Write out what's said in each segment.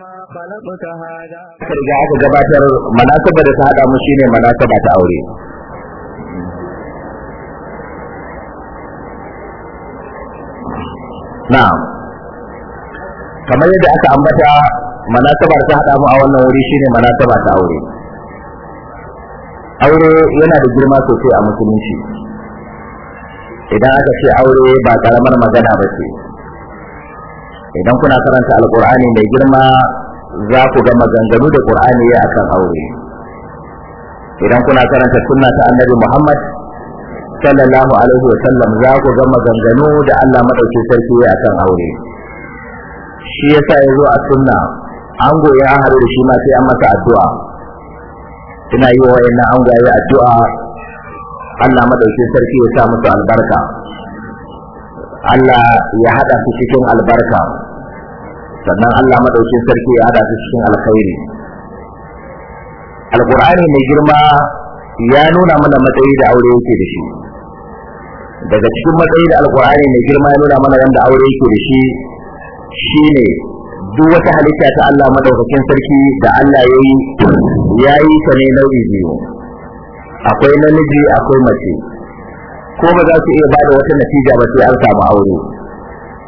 riga aka gabatar da ta hada mu shine aure na kamar yadda aka ambata munasabar ta hada mu a wannan wuri shine manasaba ta aure aure yana da girma sosai a musulunci idan aka ce aure ba karamar magana ba ce idan kuna karanta alqur'ani mai girma za ku ga maganganu da qur'ani ya akan aure idan kuna karanta sunna ta annabi Muhammad sallallahu alaihi wa sallam za ku ga maganganu da Allah madaukakin sarki ya akan aure shi yasa yazo a sunna ango ya haɗu da shi ma sai an masa addu'a ina yi wa wayannan angoye addu'a Allah madaukakin sarki ya sa musu albarka Allah ya haɗa su cikin albarka sannan Allah madaukin sarki ya hada su cikin alkhairi alqur'ani mai girma ya nuna mana matsayi da aure yake da shi daga cikin matsayi da alqur'ani mai girma ya nuna mana yanda aure yake da shi shine duk wata halitta ta Allah madaukakin sarki da Allah yayi yayi ta ne nau'i biyu akwai namiji akwai mace ko ba za su iya bada wata natija ba sai an samu aure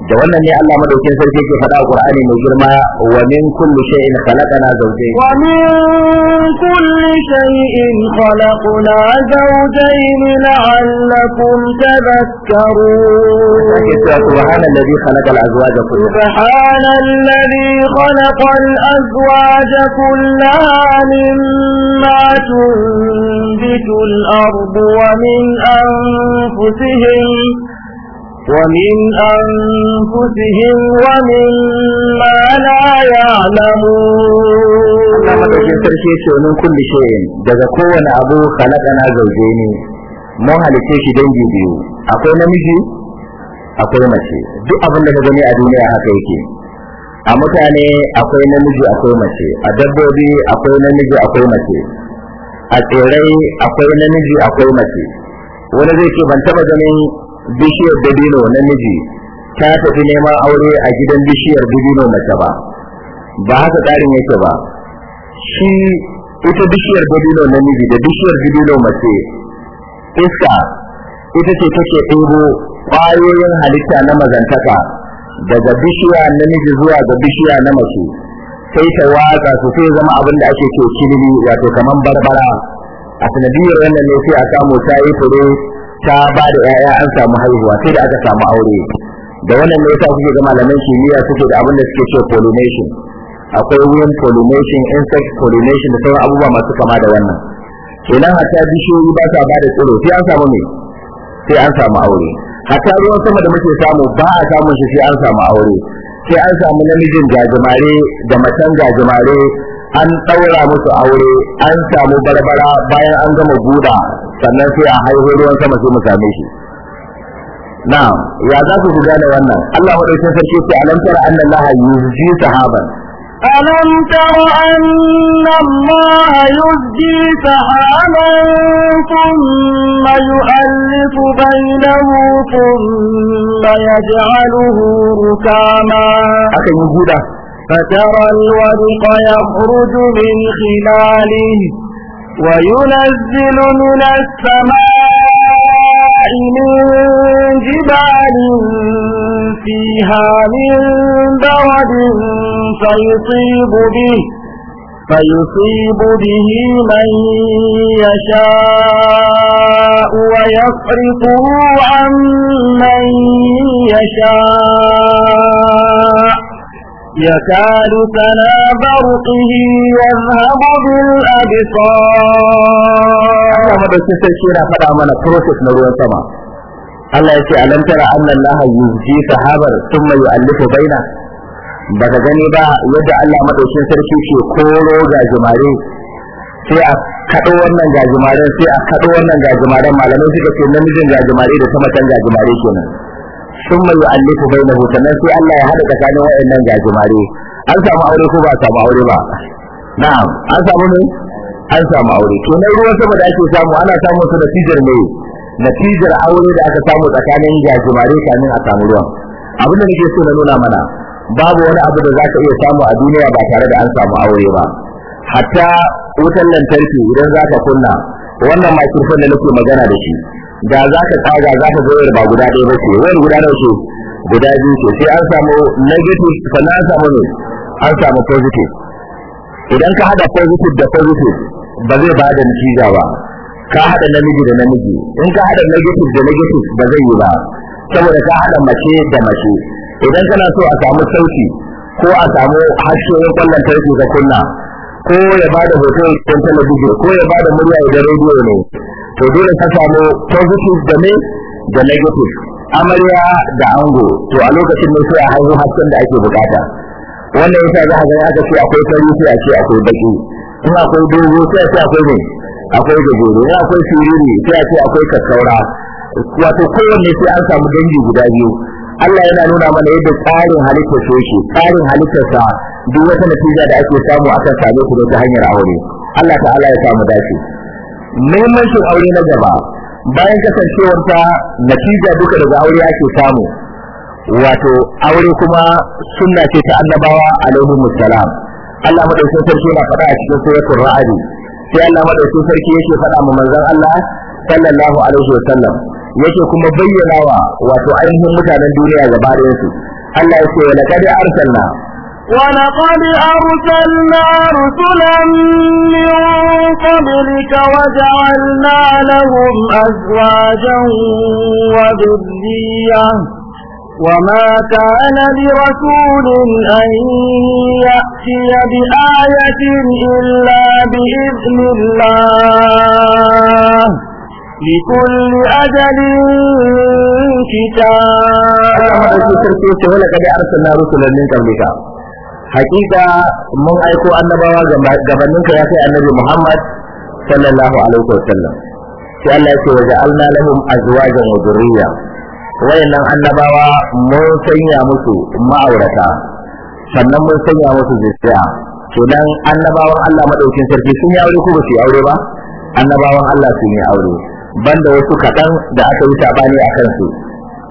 da wannan ne Allah madaukin sarki yake faɗa a Qur'ani mai girma wa min kulli shay'in khalaqna zawjayn wa min kulli shay'in khalaqna zawjayn la'allakum tadhakkarun subhana alladhi khalaqa al-azwaja kullaha subhana alladhi khalaqa al-azwaja kullaha mimma tunbitu al-ardu wa min anfusihim ومن أنفسهم ومما لا يعلمون Allah madaukin sarki ya ce min kulli shay'in daga kowane abu khalaqana zawjaini mun halice shi dangi biyu akwai namiji akwai mace duk abin da ka gani a duniya haka yake a mutane akwai namiji akwai mace a dabbobi akwai namiji akwai mace a tsirrai akwai namiji akwai mace wani zai ce ban taba ganin bishiyar dabino na miji ta tafi neman aure a gidan bishiyar dabino mace ba ba haka tsarin yake ba shi ita bishiyar dabino na miji da bishiyar dabino mace iska ita ce take ɗebo ƙwayoyin halitta na mazantaka daga bishiya na miji zuwa ga bishiya na mace sai ta watsa su sai zama abin da ake ce kilimi wato kamar barbara a sanadiyar wannan ne sai a samu ta yi fure ta ba da ƴaƴa an samu haihuwa sai da aka samu aure da wannan ne yasa kuke ga malaman kimiyya suke da abin da suke cewa pollination akwai wind pollination insect pollination da sauran abubuwa masu kama da wannan kenan hatta bishiyoyi ba sa ba da tsiro sai an samu me sai an samu aure hatta ruwan sama da muke samu ba a samun shi sai an samu aure sai an samu namijin gajimare da macen gajimare an ɗaura musu aure an samu barbara bayan an gama guda sannan sai a haihu ruwan sama sai mu same shi na'am ya za ku da wannan Allah madaukakin sarki ce alam tara anna Allah yuzji sahaban ألم تر أن الله يزجي سحابا ثم يؤلف بينه ثم يجعله ركاما فترى الورق يخرج من خلاله وينزل من السماء من جبال فيها من برد فيصيب به فيصيب به من يشاء ويصرفه عن من يشاء يكاد سنا برقه يذهب بالأبصار أنا ما بس تشيرا na من بروسس نروي ya الله يسي ألم ترى أن الله يزجي سحابا ثم يؤلف بينه baka gani ba yadda Allah madaukin sarki ke koro gajimare sai a kaɗo wannan gajimaren sai a kaɗo wannan gajimaren malamai suka ce namijin gajimare da ta macen gajimare kenan summa yu'allifu bainahu sannan sai Allah ya hada tsakanin wayannan gajimare an samu aure ko ba a samu aure ba na'am an samu ne an samu aure to na ruwan sama da ake samu ana samun su tijar ne natijar aure da aka samu tsakanin gajimare kamin a samu ruwan abin da nake so na nuna mana babu wani abu da zaka iya samu a duniya ba tare da an samu aure ba hatta wutan lantarki idan zaka kunna wannan makirfin da nake magana da shi da za ka tsaga za ka ga ba guda ɗaya ba ce wani guda nawa ce guda biyu ce sai an samu negative sannan an samu ne an samu positive idan ka hada positive da positive ba zai ba da natija ba ka hada namiji da namiji in ka hada negative da negative ba zai yi ba saboda ka hada mace da mace idan kana so a samu sauki ko a samu hasken kwallon tarki ka kunna ko ya bada hoto ko talabijin ko ya bada murya da rediyo ne to dole ka samu positive da ne da negative amarya da ango to a lokacin ne sai a hanyar hasken da ake bukata wannan yasa za a ga aka ce akwai fari sai a ce akwai baki in akwai dogo sai a ce akwai ne akwai gajero in akwai siriri sai a ce akwai kakkaura wato kowanne sai an samu dangi guda biyu Allah yana nuna mana yadda tsarin halitta su yake tsarin halittarsa duk wata natija da ake samu a kan same ku da hanyar aure Allah ta'ala ya samu dace muhimmancin aure na gaba bayan kasancewar ta natija duka daga aure ake samu wato aure kuma sunna ce ta annabawa alaihi musallam Allah madaukakin sarki yana faɗa a cikin suratul ra'd sai Allah madaukakin sarki yake faɗa ma manzon Allah sallallahu alaihi wasallam yake kuma bayyana wa wato ainihin mutanen duniya gaba da su Allah ya ce laqad arsalna ولقد أرسلنا رسلا wa قبلك وجعلنا لهم أزواجا وذرية وما كان لرسول أن يأتي بآية إلا بإذن الله لكل أجل كتاب الله مدرسة سرسية ولقد أرسلنا رسلا من قبلك hakika mun aiko annabawa gabanin ka ya kai annabi Muhammad sallallahu alaihi wasallam sai Allah ce waje alna lahum azwajan wa dhurriya wayannan annabawa mun sanya musu ma'aurata sannan mun sanya musu zuriya kenan annabawan Allah madaukin sarki sun yi aure ko ba su yi aure ba annabawan Allah sun yi aure banda wasu kaɗan da aka yi sabani a kansu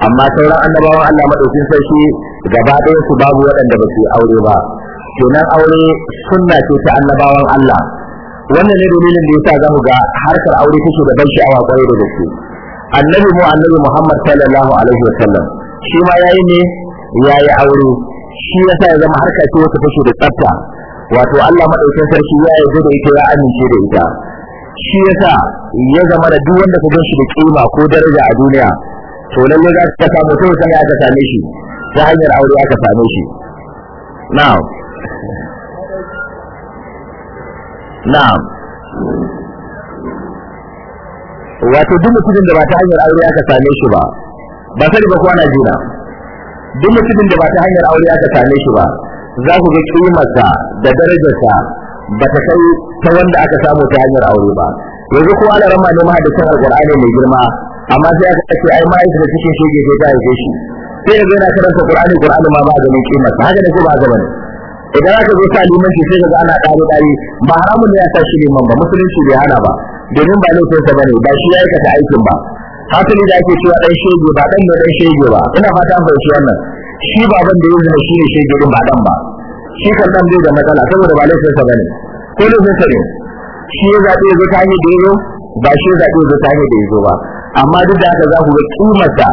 amma sauran annabawan Allah madaukin sarki gaba ɗaya su babu waɗanda ba su aure ba kenan aure sunna ce ta annabawan Allah wannan ne dalilin da yasa zamu ga harkar aure take da ban sha'awa kwarai da gaske annabi mu annabi Muhammad sallallahu alaihi wasallam shi ma yayi ne yayi aure shi yasa ya zama harka ce wata take da tsafta wato Allah madaukin sarki ya yarda da ita ya amince da ita shi yasa ya zama da duk wanda ka gan shi da kima ko daraja a duniya to lalle za ka samu to sai aka same shi ta hanyar aure aka same shi na'am na'am wato duk mutumin da ba ta hanyar aure aka same shi ba ba sai ba kwana juna duk mutumin da ba ta hanyar aure aka same shi ba za ku ga kimarsa da darajarsa ba ta kai ta wanda aka samu ta hanyar aure ba yanzu kuma ala rama ne mahaddisin alqur'ani mai girma amma sai aka ce ai da cikin shege sai ta haife shi sai da yana karanta qur'ani qur'ani ma ba ganin kimar haka da ke ba ga bane idan aka zo sa shi sai kaga ana kare dare ba haramun ne ya sa shi liman ba musulunci bai hana ba domin ba laifin sa bane ba shi ya aikata aikin ba hasali da ake cewa ɗan shege ba ɗan ne dan shege ba ina fata an fahimci wannan shi baban da yanzu shi ne shege din ba dan ba shi kan dan bai da matsala saboda ba laifin sa bane ko laifin sa ne shi ya zaɓe ya zo ta hanyar da ya zo ba shi ya zaɓe ya zo ta hanyar da ya zo ba amma duk da haka za ku ga kimar da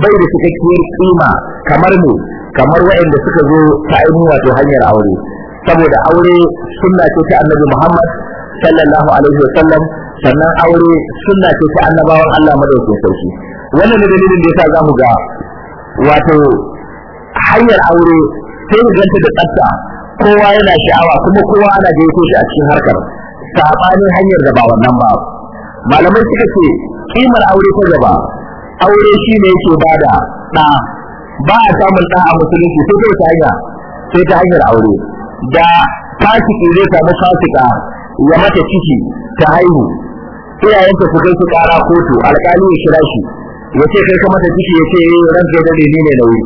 bai da cikakkiyar kima kamar mu kamar waɗanda suka zo ta ainihin wato hanyar aure saboda aure sunna ce ta annabi Muhammad sallallahu alaihi wasallam sannan aure sunna ce ta annabawan Allah madaukakin sarki wannan ne dalilin da ya sa za zamu ga wato hanyar aure sai ganta da tsafta kowa yana sha'awa kuma kowa ana gaito shi a cikin harkar sabanin hanyar da ba wannan ba malamai suka ce kimar aure ta gaba aure shi ne yake bada da ba a samun da a musulunci sai ta hanya sai ta hanyar aure da fasiki zai samu fasika ya mata ciki ta haihu iyayenta su kai su kara kotu alƙali ya shira shi ya ce kai ka mata ciki ya ce eh, ran da ne ne nauyi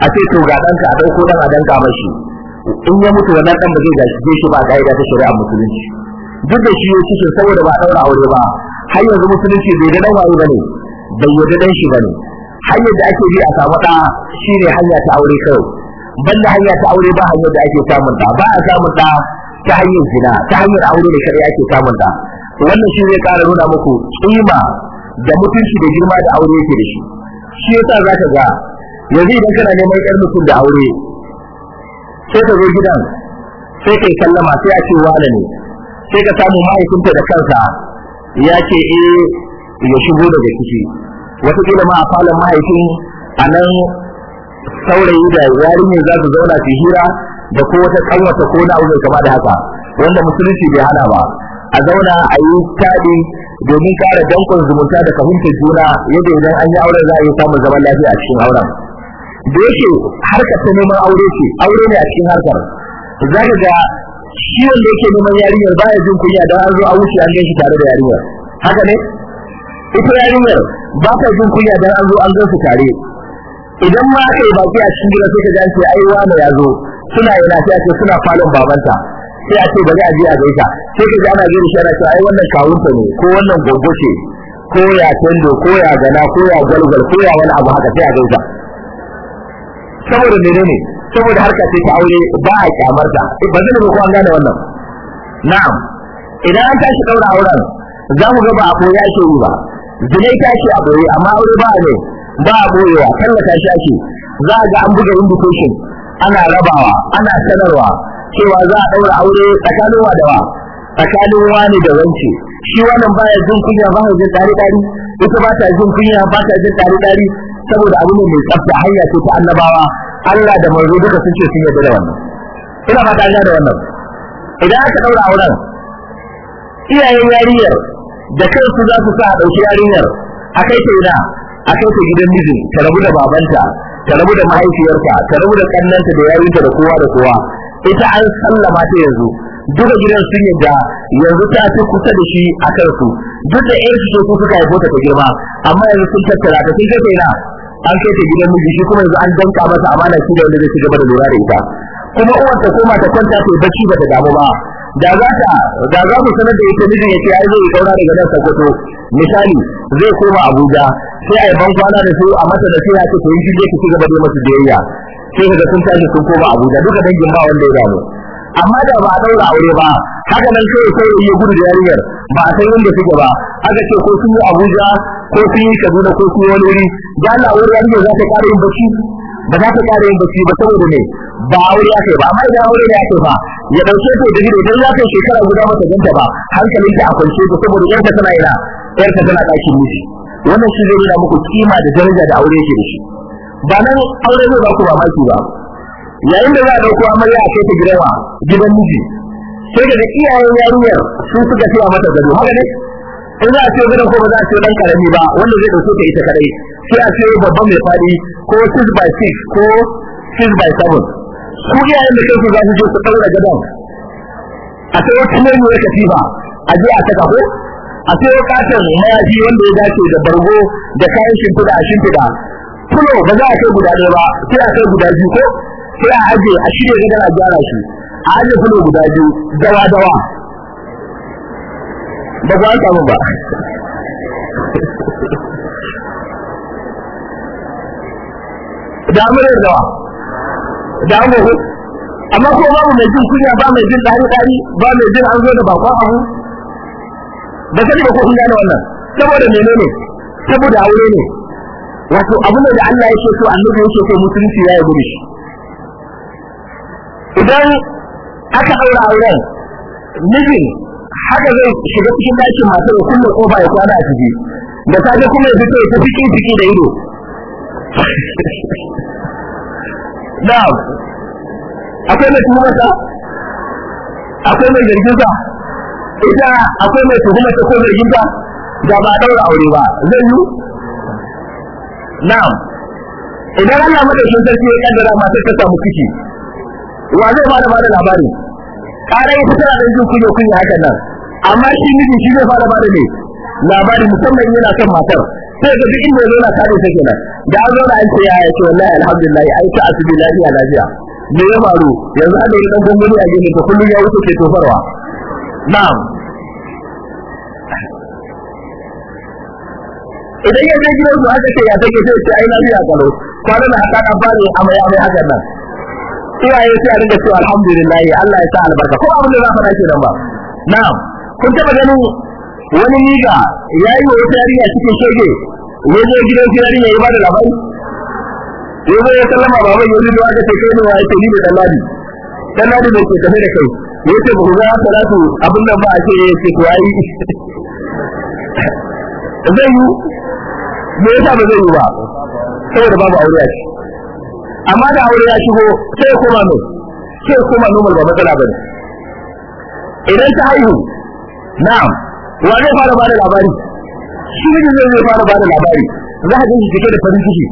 a ce to ga ɗanka a ɗauko dan a danka mashi in ya mutu wannan dan ba zai gashi shi ba kaida ta shari'a musulunci duk da shi ya ci saboda ba daura aure ba har yanzu musulunci bai ga dan waye bane bai yarda dan shi bane hanyar da ake bi a samu da shine hanya ta aure kawai banda hanya ta aure ba hanyar da ake samun da ba a samun da ta hanyar zina ta hanyar aure da shari'a ake samun da wannan shi zai kara nuna muku kima da mutunci da girma da aure yake da shi shi yasa zaka ga yanzu idan kana neman ƙar mutum da aure sai ka zo gidan sai kai sallama sai a ce wala ne sai ka samu mahaifinta da kansa ya ce eh ya shigo daga ciki wasu ma a falon mahaifin a nan saurayi da yarinyar za su zauna su hira da ko wata kanwata ko na abu kama da haka wanda musulunci bai hana ba a zauna a yi taɗi domin kare dankon zumunta da fahimtar juna yadda idan an yi auren za a yi samun zaman lafiya a cikin auren. da harkar ta neman aure ce aure ne a cikin harkar za ka ga shi wanda yake neman yarinyar ba ya jin kunya don an zo a wuce an tare da yarinyar haka ne ita yarinyar ba ta jin kunya don an zo an su tare idan ma aka yi baki a cikin gida sai ka gance ai wani ya zo suna yana sai ce suna falon babanta sai a ce bari a je a gaisa sai ka ga ana gani shi ana cewa ai wannan kawunta ne ko wannan gogo ce ko ya tendo ko ya gana ko ya galgal ko ya wani abu haka sai a gaisa saboda menene saboda harka ce ta aure ba a kyamarta eh, ba zai ko an gane wannan na'am idan an tashi daura auren za mu ga ba a koya ake yi ba zinai tashi a boye amma aure ba ne ba a boyewa ta shi ake za a ga an buga invitation ana rabawa ana sanarwa cewa za a daura aure tsakanin wa da wa tsakanin wani da wance shi wannan baya jin kunya ba ya jin tare tare ita ba ta jin kunya ba ta jin tare tare saboda abu ne mai tsafta hanya ce ta annabawa Allah da manzo duka sun ce sun yarda da wannan ina fata ina da wannan idan aka daura auren iyayen yarinyar da kansu za su sa a dauki yarinyar a kai ta ina a kai ta gidan miji ta rabu da babanta ta rabu da mahaifiyarta ta rabu da kannanta da yarinta da kowa da kowa ita an sallama ta yanzu duka gidan sun yadda yanzu ta fi kusa da shi a kansu duk da yar su ko suka haifo ta ta girma amma yanzu sun tattara ta sun kai na an kai ta gidan miji shi kuma yanzu an danka masa amana shi da wanda zai ci gaba da lura da ita kuma uwar ta koma ta kwanta ta bacci ba ta damu ba da za ta da za ku sanar da ita miji ya ce ai zai kaura daga nan sakoto. misali zai koma Abuja sai ai ban kwana da su a mata da sai ya ce to yin ki ci gaba da masa jiyayya. sai daga sun tashi sun koma Abuja duka dangin ba wanda ya damu amma da ba a daura aure ba haka nan sai sai ya gudu da yarinyar ba a san inda suke ba haka ce ko sun yi Abuja ko sun yi Kaduna ko sun yi wani wuri da Allah wani yarinyar za ta kare yin bacci ba za ta kare yin bacci ba saboda ne ba aure ya kai ba amma idan aure ya kai ba ya dauke ta da gidan ya kai shekara guda mata ganta ba hankalin ta a kwance ta saboda yarta tana ina yarta tana ɗakin miji wannan shi zai nuna muku kima da daraja da aure yake da shi ba nan aure zai ba ku maki ba yayin da za a dauko amarya a kai ta gidan gidan miji sai da iyayen yarinyar sun suka ce a mata gado haka ne in za a ce gidan ko ba za a ce dan karami ba wanda zai dauko ta ita kadai sai a ce babban mai fadi ko 6 by 6 ko 6 by 7 su iyayen da kansu za su je su daura gadon a sai wata mai ne katifa a je a saka ko a sai wata katon mayafi wanda ya dace da bargo da kayan shimfiɗa a shimfiɗa fulo ba za a kai guda ɗaya ba sai a kai guda biyu ko sai a aje a shirya gadon a gyara shi a aje fulo guda biyu dawa dawa ba ku an samu ba da amurar dawa da amma ko babu mai jin kunya ba mai jin dari dari ba mai jin an zo da bakon abu ba sai ba ko kun gane wannan saboda menene saboda aure ne wato abu ne da Allah yake so annabi yake so musulunci ya yi gure idan aka aure auren mijin haka zai shiga cikin ɗakin masu da kullum ba ya kwana a ciki da safe kuma ya fito ta cikin ciki da ido Na akwai mai ta akwai mai ta ita akwai mai ta ko ta da ba a daura aure ba zai yi Na idan Allah madaukin sarki ya kaddara matar ta samu ciki wa zai ba da bada labari kare ita tana da jin kunya kunya haka nan amma shi miji shi zai fara bada ne labari musamman yana son matar sai ga duk inda yana kare ta kenan da an da an ce ya ce wallahi alhamdulillah ai ta asibi lafiya lafiya me ya faru yanzu an yi dan gungumi a gini ko kullum ya wuce ke tofarwa na'am idan ya je gidan su haka sai ya take sai ce ai lafiya kalo kwana na haka ka amma amai amai haka nan iyaye sai a dinga cewa alhamdulillah Allah ya sa albarka ko abin da za dace dan ba na'am kun taba ganin wani miga yayi wa wata yarinya cikin shege ya zo gidan ya ba da labari ya zo ya sallama baba ya zo aka ce kai ne wa yake ni da dalladi dalladi da ke tafe da kai ya ce ba ku salatu abin nan ba a ce ya ce zai yi me yasa ba zai yi ba saboda babu aure a amma da aure ya shigo sai kuma no sai kuma no ba matsala bane idan ta haihu na'am wa zai fara bada labari shi ne zai fara bada labari za a ji cike da farin ciki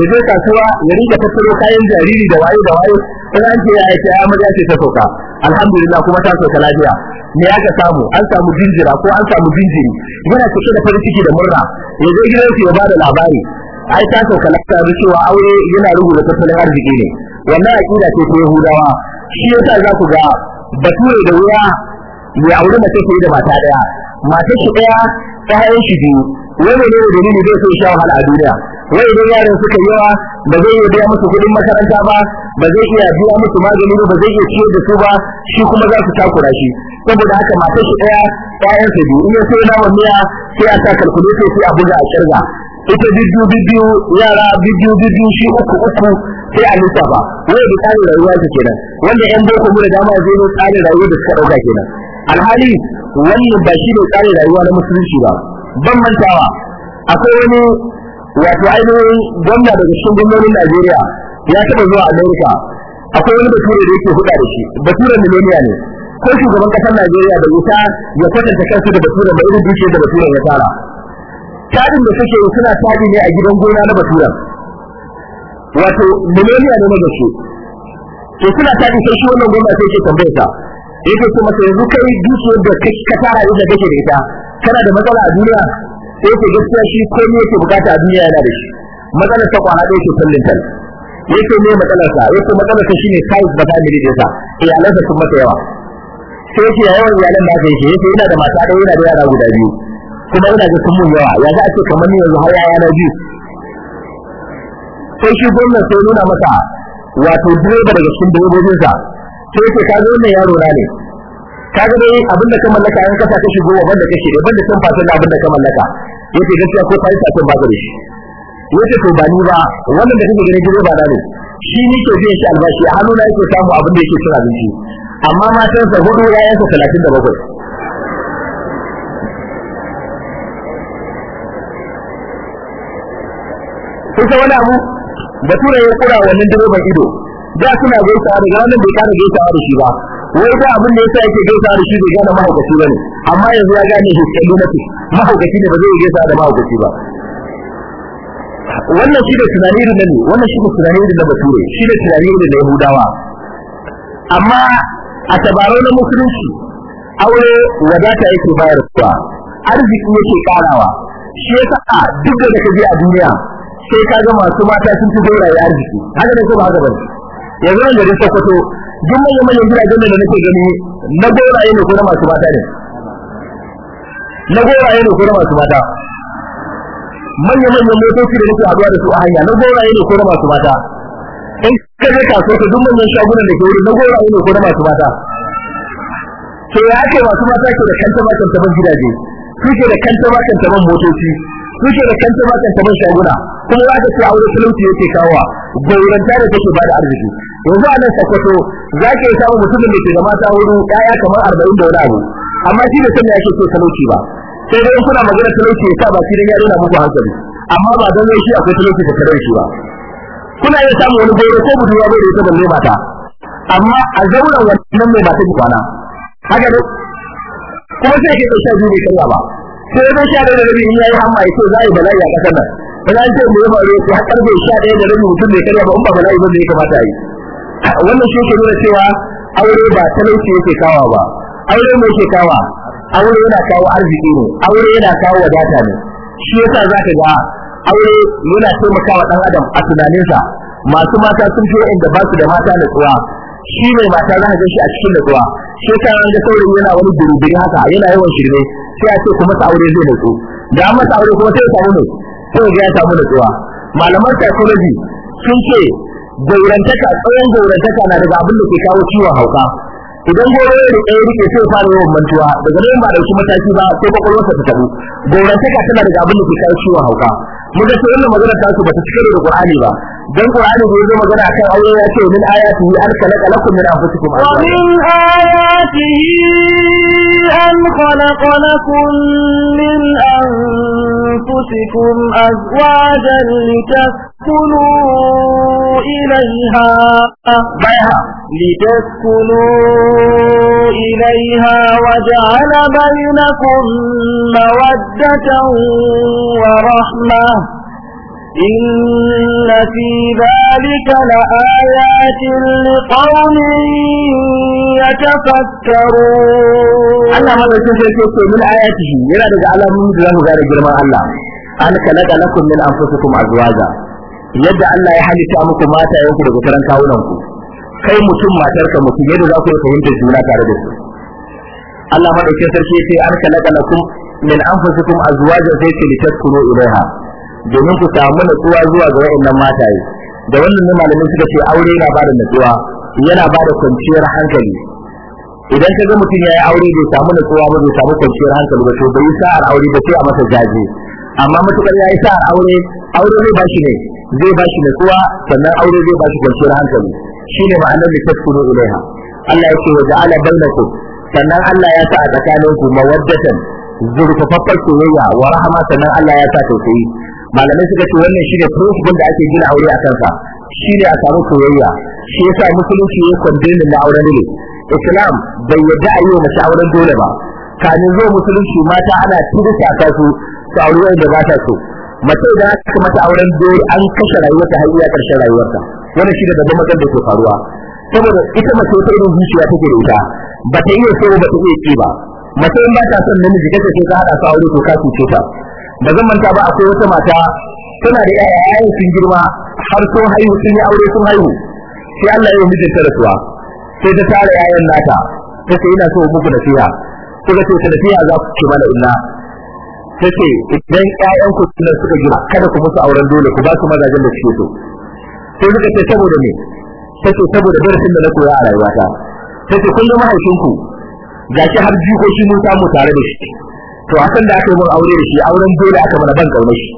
ya je kasuwa ya rika tattaro kayan jariri da waye da waye in an ce ya aika ya maza ce ta sauka alhamdulillah kuma ta sauka lafiya me ya aka samu an samu jinjira ko an samu jinjiri yana cike da farin ciki da murna ya je gidansu ya bada labari ai ta so na ta cewa aure yana rubuta tattalin arziki ne wannan akida ce ta Yahudawa shi yasa za ku ga bature da wuya ya aure mace ce da mata daya mata shi daya ta haye shi biyu wani ne da ni zai so sha wahala a duniya wai idan yaran suka yawa ba zai iya biya musu kuɗin makaranta ba ba zai iya biya musu magani ba zai iya ciyar da su ba shi kuma za su takura shi saboda haka matar shi daya ƴaƴan su biyu in ya so wa miya sai a sa kalkulator sai a buga a kirga ita biyu biyu yara biyu biyu shi uku uku sai a lissafa wai da tsarin rayuwa ta kenan wanda yan boko mu da dama zai ne tsarin rayuwa da suka ɗauka kenan alhali wannan ba shi ne tsarin rayuwa na musulunci ba ban mantawa akwai wani wato ainihin gwamna daga cikin gwamnonin Najeriya ya taɓa zuwa Amerika akwai wani bature da yake huɗa da shi baturen mileniya ne ko shugaban ƙasar Najeriya da wuta ya kwatanta kansu da bature ba irin dukiyar da baturen ya tara tarin da suke yi suna tari ne a gidan gona na batura wato miliyan ne na su to suna tari sai shi wannan gona sai ke tambaye ya yake kuma sai yanzu kai dukiyar da kai ka tara yadda kake da ita kana da matsala a duniya sai ke gaskiya shi komai yake bukata a duniya yana da shi matsalar ta kwana ɗaya ke sallin tal yake ne matsalar sa yake matsalar sa shine kai ba ta da ta iyalansa sun masa yawa sai yake yawan iyalan da aka yi ya ce yana da mata da yana da yara guda biyu kuma ina ga sun yawa ya za a ce kamar ne yanzu har ya na biyu sai shi gwamnan sai nuna masa wato direba daga cikin direbobinsa sai ce ka zo yaro na ne ka ga dai abin da ka mallaka an kasa ka shigo wa banda kake ban da san fasin abin da ka mallaka yace gaskiya ko sai sai ba gare shi yace to ba ni ba wannan da kake ganin direba na ne shi ni ke biyan shi albashi a hannu na yake samu abin da yake cin abinci amma matan ya hudu talatin da bakwai. sai ta wani abu tura ya kura wannan direban ido da suna gaisa da ranar bai kara gaisa da shi ba wai da abin da yasa yake gaisa da shi bai gane mahaukaci bane amma yanzu ya gane shi kallo nake mahaukaci ne ba zai gaisa da mahaukaci ba wannan shi da tunani irin ne wannan shi da tunani irin na bature shi da tunani irin na yahudawa amma a tabarau na musulunci aure wadata yake bayarwa arziki yake karawa shi yasa duk da kaje a duniya sai ka ga masu mata sun ci gauraye arziki haka da ko ba haka ba yanzu nan garin Sokoto duk manyan manyan gidajen da nake gani na gauraye ne ko na masu mata ne na gauraye ne ko na masu mata manyan manyan motoci da nake haɗuwa da su a hanya na gauraye ne ko na masu mata in ka je kasuwa ka duk manyan shagunan da ke wuri na gauraye ne ko na masu mata to ya ce masu mata ke da kanta ba kanta ban gidaje suke da kanta ba kanta ban motoci kuke da kanta ba kanta ban shaguna kuma za ta ce aure talauci yake kawowa gauranta da take bada arziki yanzu a nan sakwato za ka yi samun mutumin da ke da mata hudu ƴaƴa kamar arba'in da wani abu amma shi da san ya so talauci ba sai dai kuna magana talauci ya sa ba shi dan ya na muku hankali amma ba dan shi akwai talauci da shi ba kuna iya samun wani gauro ko budurwa bai da ita balle mata amma a zauren wannan mai mata kwana haka ne kuma sai ke da shan biyu bai karya ba sai da sha da rabi in yayi hamma yace za a yi bala'i a ƙasar nan wani an ce mu yi faru ko har karfe sha ɗaya da rabi mutum bai karya ba in ba bala'i ba zai kamata a yi wannan shi ke nuna cewa aure ba talauci yake kawa ba aure mai yake kawa aure yana kawo arziki ne aure yana kawo wadata ne shi yasa za ka ga aure yana taimakawa ɗan adam a tunaninsa masu mata sun fi waɗanda ba su da mata natsuwa shi mai mata za ka gan shi a cikin natsuwa shi yasa ga saurin yana wani durubiri haka yana yawan shirme sai a ce ku masa aure zai nutsu da an masa aure kuma sai ya samu ne sai ya samu tsuwa malaman psychology sun ce gaurantaka tsawon gaurantaka na daga abin da ke kawo ciwon hauka idan goro ya rike ya rike sai fara yawan mantuwa daga nan ba da shi mataki ba sai kwakwalwarsa ta tabu gaurantaka tana daga abin da ke kawo ciwon hauka mu ga sai wannan magana ta su bata cika da Qur'ani ba dan Qur'ani da yazo magana akan aure ya ce min ayatihi an khalaqa lakum min anfusikum azwajan min ayatihi an khalaqa lakum min anfusikum azwajan litaskunu ilayha baiha litaskunu ilayha wa ja'ala bainakum mawaddatan wa rahmah إن في ذلك لآيات لقوم يتفكرون الله ما يتفكر من آياته يلا رجع على من له غير جرما الله أنا كلك لكم من أنفسكم أزواجا yadda Allah ya halitta muku mata yanku daga karan kawunanku kai mutum matarka mutum yadda za ku yi fahimtar juna tare da su Allah madaukakin sarki ya ce an kalaka lakum min domin ku samu natsuwa zuwa ga wayannan mataye da wannan ne malamai suka ce aure yana bada natsuwa yana bada kwanciyar hankali idan ka ga mutum ya yi aure bai samu natsuwa ba bai samu kwanciyar hankali ba to bai sa sa'ar aure ba sai a masa jaje amma matukar ya yi sa a aure aure zai ba shi ne zai ba bashi natsuwa sannan aure zai ba shi kwanciyar hankali Shi ne ma'anar da ta tafsiru ilaiha Allah ya ce wa ja'ala bainakum sannan Allah ya sa a tsakaninku mawaddatan zurfafaffar soyayya wa rahama sannan Allah ya sa tausayi malamai suka ce wannan ne principle da ake gina aure a kansa ne a samu soyayya shi yasa musulunci ya kwandenin na auren ne. islam bai yadda a yi wa mace auren dole ba kani zo musulunci mata ana tirisa ta su su da ba ta so mace idan aka kuma ta auren dole an kashe rayuwarta har iya karshen rayuwarta wannan ne babban matsalar da ke faruwa saboda ita mace ta irin zuciya take da ita ba ta iya so ba ta iya ki ba mace in ba ta son namiji kace sai ka hada su aure ko ka cuce ta da zan manta ba akwai wata mata tana da ƴaƴa sun girma har sun haihu sun yi aure sun haihu sai Allah ya mijinta da suwa sai ta tara ƴaƴan nata ta ce ina so muku da fiya kuka ce da fiya za ku ce mana inna ta ce idan ƴaƴan ku suka gina kada ku musu auren dole ku ba su mazajen da suke so sai muka ce saboda me ta ce saboda darasin da na koya a rayuwata ta ce kullum mahaifinku shi har jikoki mun samu tare da shi to a san da aka yi mun aure da shi auren dole aka mana ban shi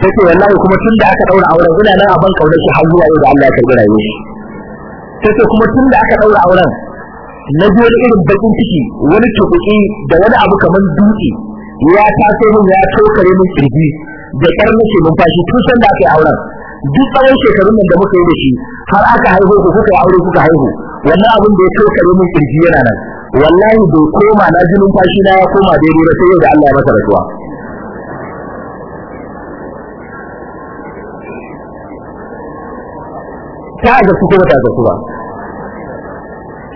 take wallahi kuma tun da aka daura auren ina nan a ban shi har zuwa yau da Allah ya karbi rayuwar shi take kuma tun da aka daura auren na ji wani irin bakin ciki wani tukuki da wani abu kamar dutse ya taso min ya tokare min kirji da karmi nake mun tashi tun san da aka yi auren duk tsawon shekarun nan da muka yi da shi har aka haihu ku kuka aure kuka haihu wannan abin da ya tokare min kirji yana nan wallahi bai koma na jinin fashi na ya koma daidai ba sai da Allah ya masa rasuwa ta ga su kuma ta ga su ba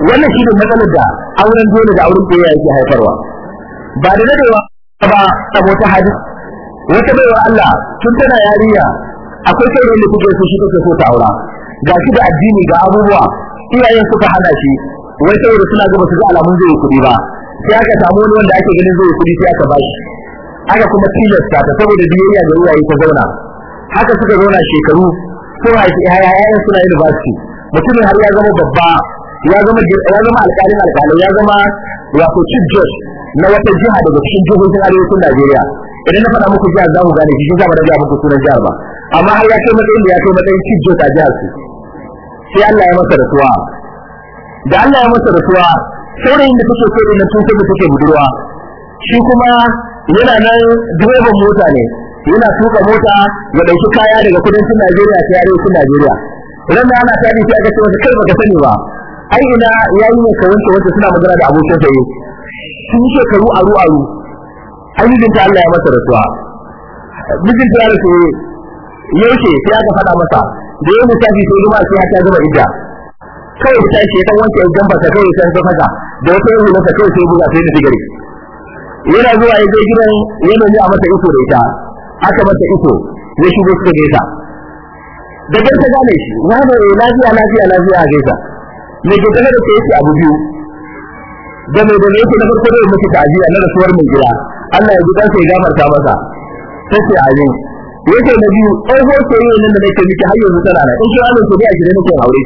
wannan shi ne matsalar da auren dole da auren ɗaya yake haifarwa ba da dadewa ba saboda hadis wata baiwa Allah tun tana yariya akwai kai da kuke so shi kake so ta aura ga shi da addini ga abubuwa iyayen suka hana shi wai saboda suna ga su ga alamun zai yi kuɗi ba sai aka samu wani wanda ake ganin zai yi kuɗi sai aka ba shi aka kuma tilasta ta saboda biyayya da iyaye ta zauna haka suka zauna shekaru sun haifi ƴaƴan suna university mutumin har ya zama babba ya zama ya zama alƙalin ya zama wato chief judge na wata jiha daga cikin jihohin arewacin Najeriya idan na faɗa muku jihar za mu gane shi shi ba na jihar muku sunan jihar ba amma har ya kai matsayin da ya kai matsayin chief judge a jihar su sai Allah ya masa rasuwa da Allah ya masa rasuwa saurayin da take so din tun sai take budurwa shi kuma yana nan direban mota ne yana tuka mota ya dauki kaya daga kudancin Najeriya ta arewacin Najeriya ran ana tani sai ga cewa kai baka sani ba ai ina yayi ne kawai wanda suna magana da abokin sa yi sun ce karu aru aru ai mijinta Allah ya masa rasuwa mijinta ya rasu yaushe sai aka faɗa masa da yau misali sai juma'a sai ta gama idda kawai da tashi ta dan wanke idan ta kawai sai ta faka da wata yin hulunta kawai sai buga sai da digiri yana zuwa ya je gidan ya nemi a mata iso da ita aka mata iso ya shigo suka gaisa da gaisa gane shi wanda ya lafiya lafiya lafiya a gaisa mai gaggana da sai abu biyu da mai da yake na farko da mutu ta'aziyya na rasuwar mai gida Allah ya ji kansa ya gafarta masa tace amin yake na biyu tsoho sai nan da nake miki har yanzu tana nan in ki wani ku da gidan nake aure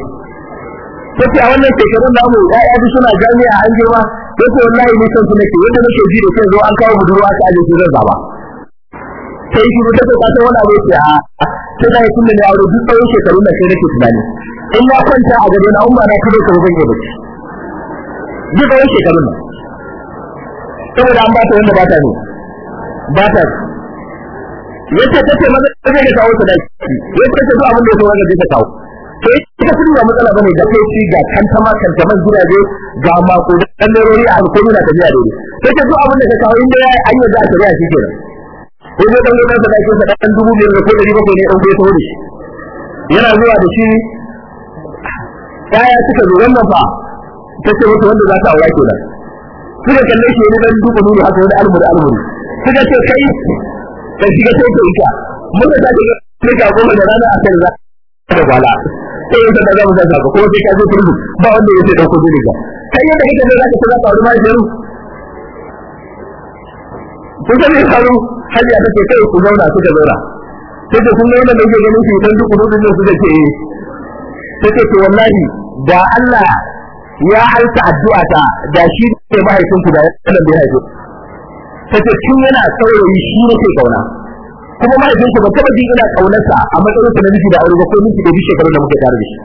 kace a wannan shekarun namu ya yaji suna jami'a an girma kace wallahi ni san nake wanda nake ji da kai zo an kawo budurwa ka aje su zan zaba sai shi da take fata wani abu ce a sai da kin ne aure duk tsawon shekarun da kai nake tunani in na kwanta a gado na umma na kudo ka zan yi bace duk tsawon shekarun nan saboda an ba ta wanda ba ta ne ba ta yace kace maza kaje ka kawo ta dai yace kace duk abin da ya so wanda zai ka tawo. ita kudi ba matsala bane da kai ci ga kantama kantaman gidaje ga mako da kallerori a alkomi na tafiya dole sai ka zo abin da ka kawo inda yayi an yadda a shari'a shi kenan ko ne dan gidan sadakin sa dan dubu biyar da ko dari bakwai ne dan bai tawo shi yana zuwa da shi yaya suka zo wannan fa ta ce wata wanda za ta aura kenan suka kalle shi ne dan dubu ne haka wani almuri almuri suka ce kai da shiga sai ka ita mun da ta ga goma da rana a kan za ta gwala sai yin sanda za mu sasa ba kuma sai ka zo kurdu ba wanda ya ce ɗauko dole ba kai yadda kake da za ka ce za ka wani mahaifiyar kun san yin haru hajiya ta ce kai ku zauna suka zauna sai ce kun ga yadda nake ganin su idan duk kudu ne suka ce eh sai ce wallahi da Allah ya halta addu'a ta da shi ne mahaifinku da ya sanar da ya haife sai ce tun yana saurayi shi ne ke kauna kuma mahaifinsa ba taɓa jin ina ƙaunarsa a matsayin sa na miji da aure ba ko miji da bishekaru da muke tare da shi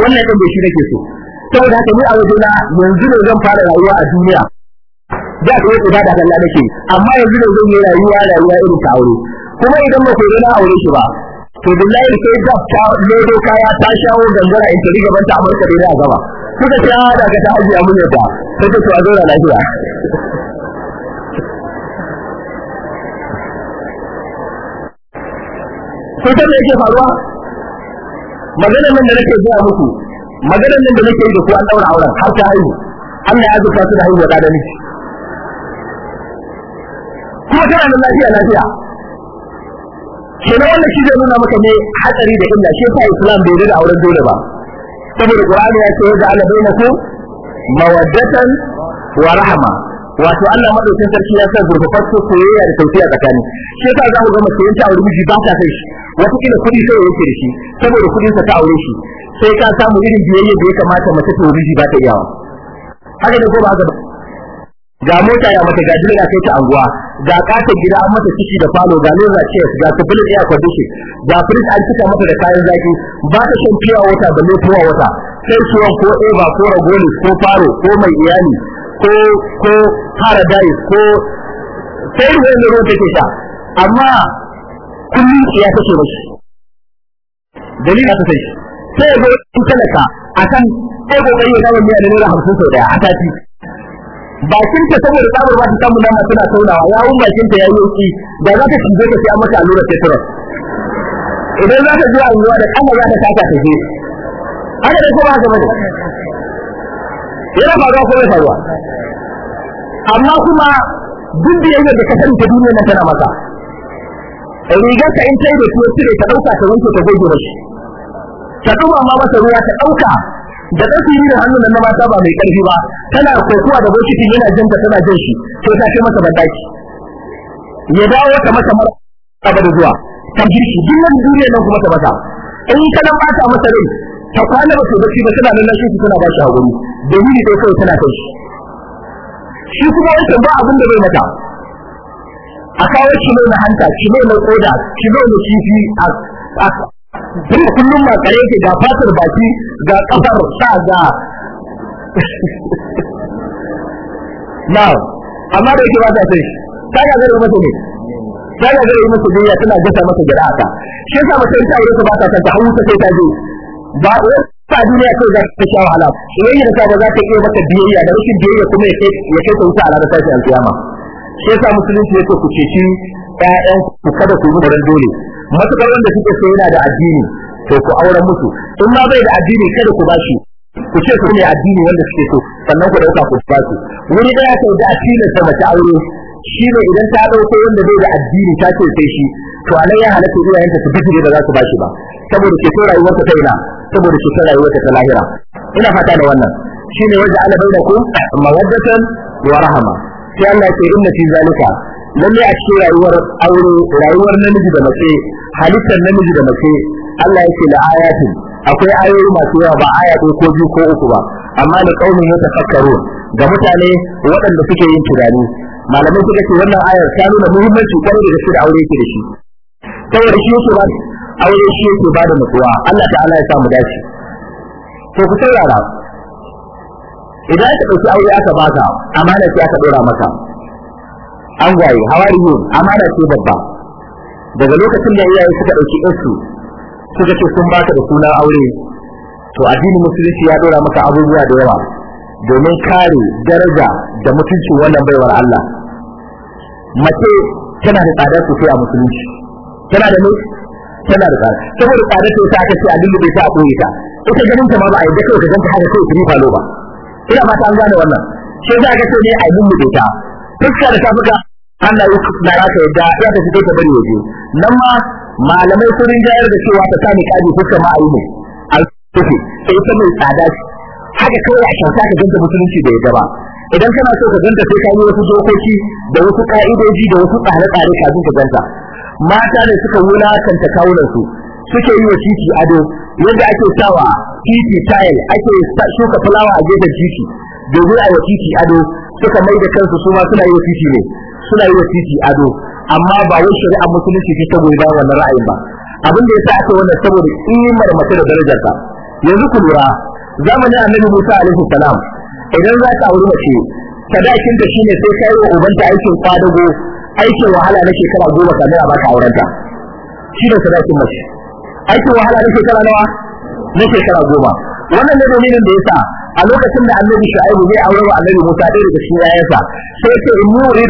wannan ɗin bai shi nake so saboda haka ni a na yanzu ne zan fara rayuwa a duniya da ka yi ibada da Allah nake amma yanzu ne zan yi rayuwa rayuwa irin ta aure kuma idan ba ku yi na aure shi ba to billahi sai da ta lodo kaya ta shawo gangara in ta riga ta amurka da ya gaba kuka ta ah, da ka ta hajiya mun ta sai ta zo da lafiya kun san me yake faruwa maganar nan da nake zuwa muku maganar nan da nake yi da ku an daura auren har ta haihu Allah ya zuka su da haihuwa da miki kuma tana da lafiya lafiya kenan wannan shi zai nuna maka ne hatsari da illa shi yasa Islam bai rida auren dole ba saboda Qur'ani ya ce ya ja'ala bainakum mawaddatan wa rahma wato Allah madaukakin sarki ya sa gurbafar ko soyayya da tausayi a tsakani shi yasa za mu ga mace yanci aure miji ba ta sai shi wata kila kuɗi sai yake da shi saboda kuɗin sa ta aure shi sai ka samu irin biyayya da ya kamata mace ta miji ba ta iyawa haka da ko ba haka ga mota ya mata ga dirga kai ta anguwa ga kata gida an mata ciki da falo ga lura ce ga kubul ya kwado shi ga fridge an cika mata da kayan zaki ba ta shan fiya wata balle tuwa wata sai suwan ko eba ko ragoli ko faro ko mai iyali ko ko paradise ko sai ruwan ne ruwa take sha amma kullum ya kashe mashi dalilin ta sai sai ya zo in talaka akan sai kokari ya ne ne da naira hamsin sau daya a ci. bakin ta saboda tsabar ba ta samu nama tana taunawa ya wun bakin ta yayi yauki da za ta cije ka sai an mata allura tetanus idan za ta je anguwa da kama za ta taka ta je haka dai kuma ba haka bane yana faruwa ko bai faruwa amma kuma duk da yadda da kasar ta duniya na tana maka rigar ka in ta yi da su cire ta ɗauka ta wanke ta goge da shi ta ɗuma ma masa ruwa ta ɗauka da ɗauki yi da hannun na mata ba mai ƙarfi ba tana kokuwa da bokiti yana jan ta tana jan shi to ta kai masa bandaki ya dawo ta masa mara da zuwa ta girki duk nan duniya nan kuma ta bata. in ka na bata masa rai ta kwana ba ta bacci ba tana nan shi tana ba shi hakuri dalili dai kawai tana kai shi shi kuma wancan ba abin da bai mata a kawo shi mai na hanta shi mai mai koda shi mai mai kifi a duk kullum ma tsare yake ga fatar baki ga kafar sa ga now amma da yake ba ta sai ta ga gare mata ne ta ga gare mata ne tana gasa mata gara'a ta shi yasa mace ta yi ta ba ta ta hawo ta sai ta je ba ba duniya kai za ta sha wahala soyayya da ba za ta iya maka biyayya da rashin biyayya kuma ya kai ta wuta a ranar tashin alkiyama shi yasa musulunci yake ku shi ƴaƴan ku kada ku yi muran dole matukar wanda suke so yana da addini to ku auren musu in ma bai da addini kada ku bashi ku ce su ne addini wanda suke so sannan ku dauka ku basu wuri ɗaya sau da addinin ta mace aure shi ne idan ta dauko wanda zai da addini ta ce sai shi to alai ya halatta iyayen ta su fitire ba za su bashi ba saboda ke rayuwar ta ina saboda ke rayuwar ta lahira ina fata da wannan shi ne wanda Allah bai da ku mawaddatan wa rahama sai Allah ke inna fi zalika lalle a cikin rayuwar aure rayuwar namiji da mace halittar namiji da mace Allah yake la ayatin akwai ayoyi masu yawa ba aya ko ko biyu ko uku ba amma da kaumin tafakkaru ga mutane waɗanda suke yin tunani malamai suka ce wannan ayar ta nuna muhimmanci kare da shi da aure yake da shi saboda shi yake ba aure shi yake ba da nutsuwa Allah ta'ala ya sa mu dace to ku yara? idan ka dauki aure aka baka amana ce aka dora maka an gwaye ne amana ce babba daga lokacin da iyaye suka dauki ɗansu suka ce sun baka da sunan aure to addinin musulunci ya dora maka abubuwa da yawa domin kare daraja da mutuncin wannan baiwar Allah mace tana da tsada sosai a musulunci tana da mai tana da tsada saboda tsada ta kashe aka ce a lullube ta a koyi ta ita ganin ta ma ba a yadda kawai ka ganta haka kawai kuma falo ba ina ta an gane wannan shi za a ce ne a lullube ta fuska da ta Allah ya na raka yadda ya ta fito ta bari waje nan ma malamai sun rinjayar da cewa ta sami kaji fuska ma a yi ne a sai ta mai tsada haka kawai a shanta ka ganta musulunci da ya gaba idan kana so ka ganta sai ka yi wasu dokoki da wasu ka'idoji da wasu tsare-tsare kafin ka ganta mata ne suka wula kan ta kawunan su suke yi wa titi ado yadda ake sawa titi tile ake shuka fulawa a gefen titi domin a titi ado suka mai da kansu su ma suna yi wa titi ne suna yi titi ado amma ba wai shari'a musulunci ce ta goyi wannan ra'ayin ba abin da ya sa aka wannan saboda imar mace da darajarta yanzu ku lura zamanin annabi Musa alaihi salam idan za ka auri mace sadakin ta shine sai kai wa ubanta aikin kwadago aikin wahala na shekara goma kamar a baka auren ta shi ne sadakin mace aikin wahala na shekara nawa na shekara goma wannan ne dominin da yasa a lokacin da annabi shu'aibu zai aure wa annabi musa da shi cikin yayansa sai ya ce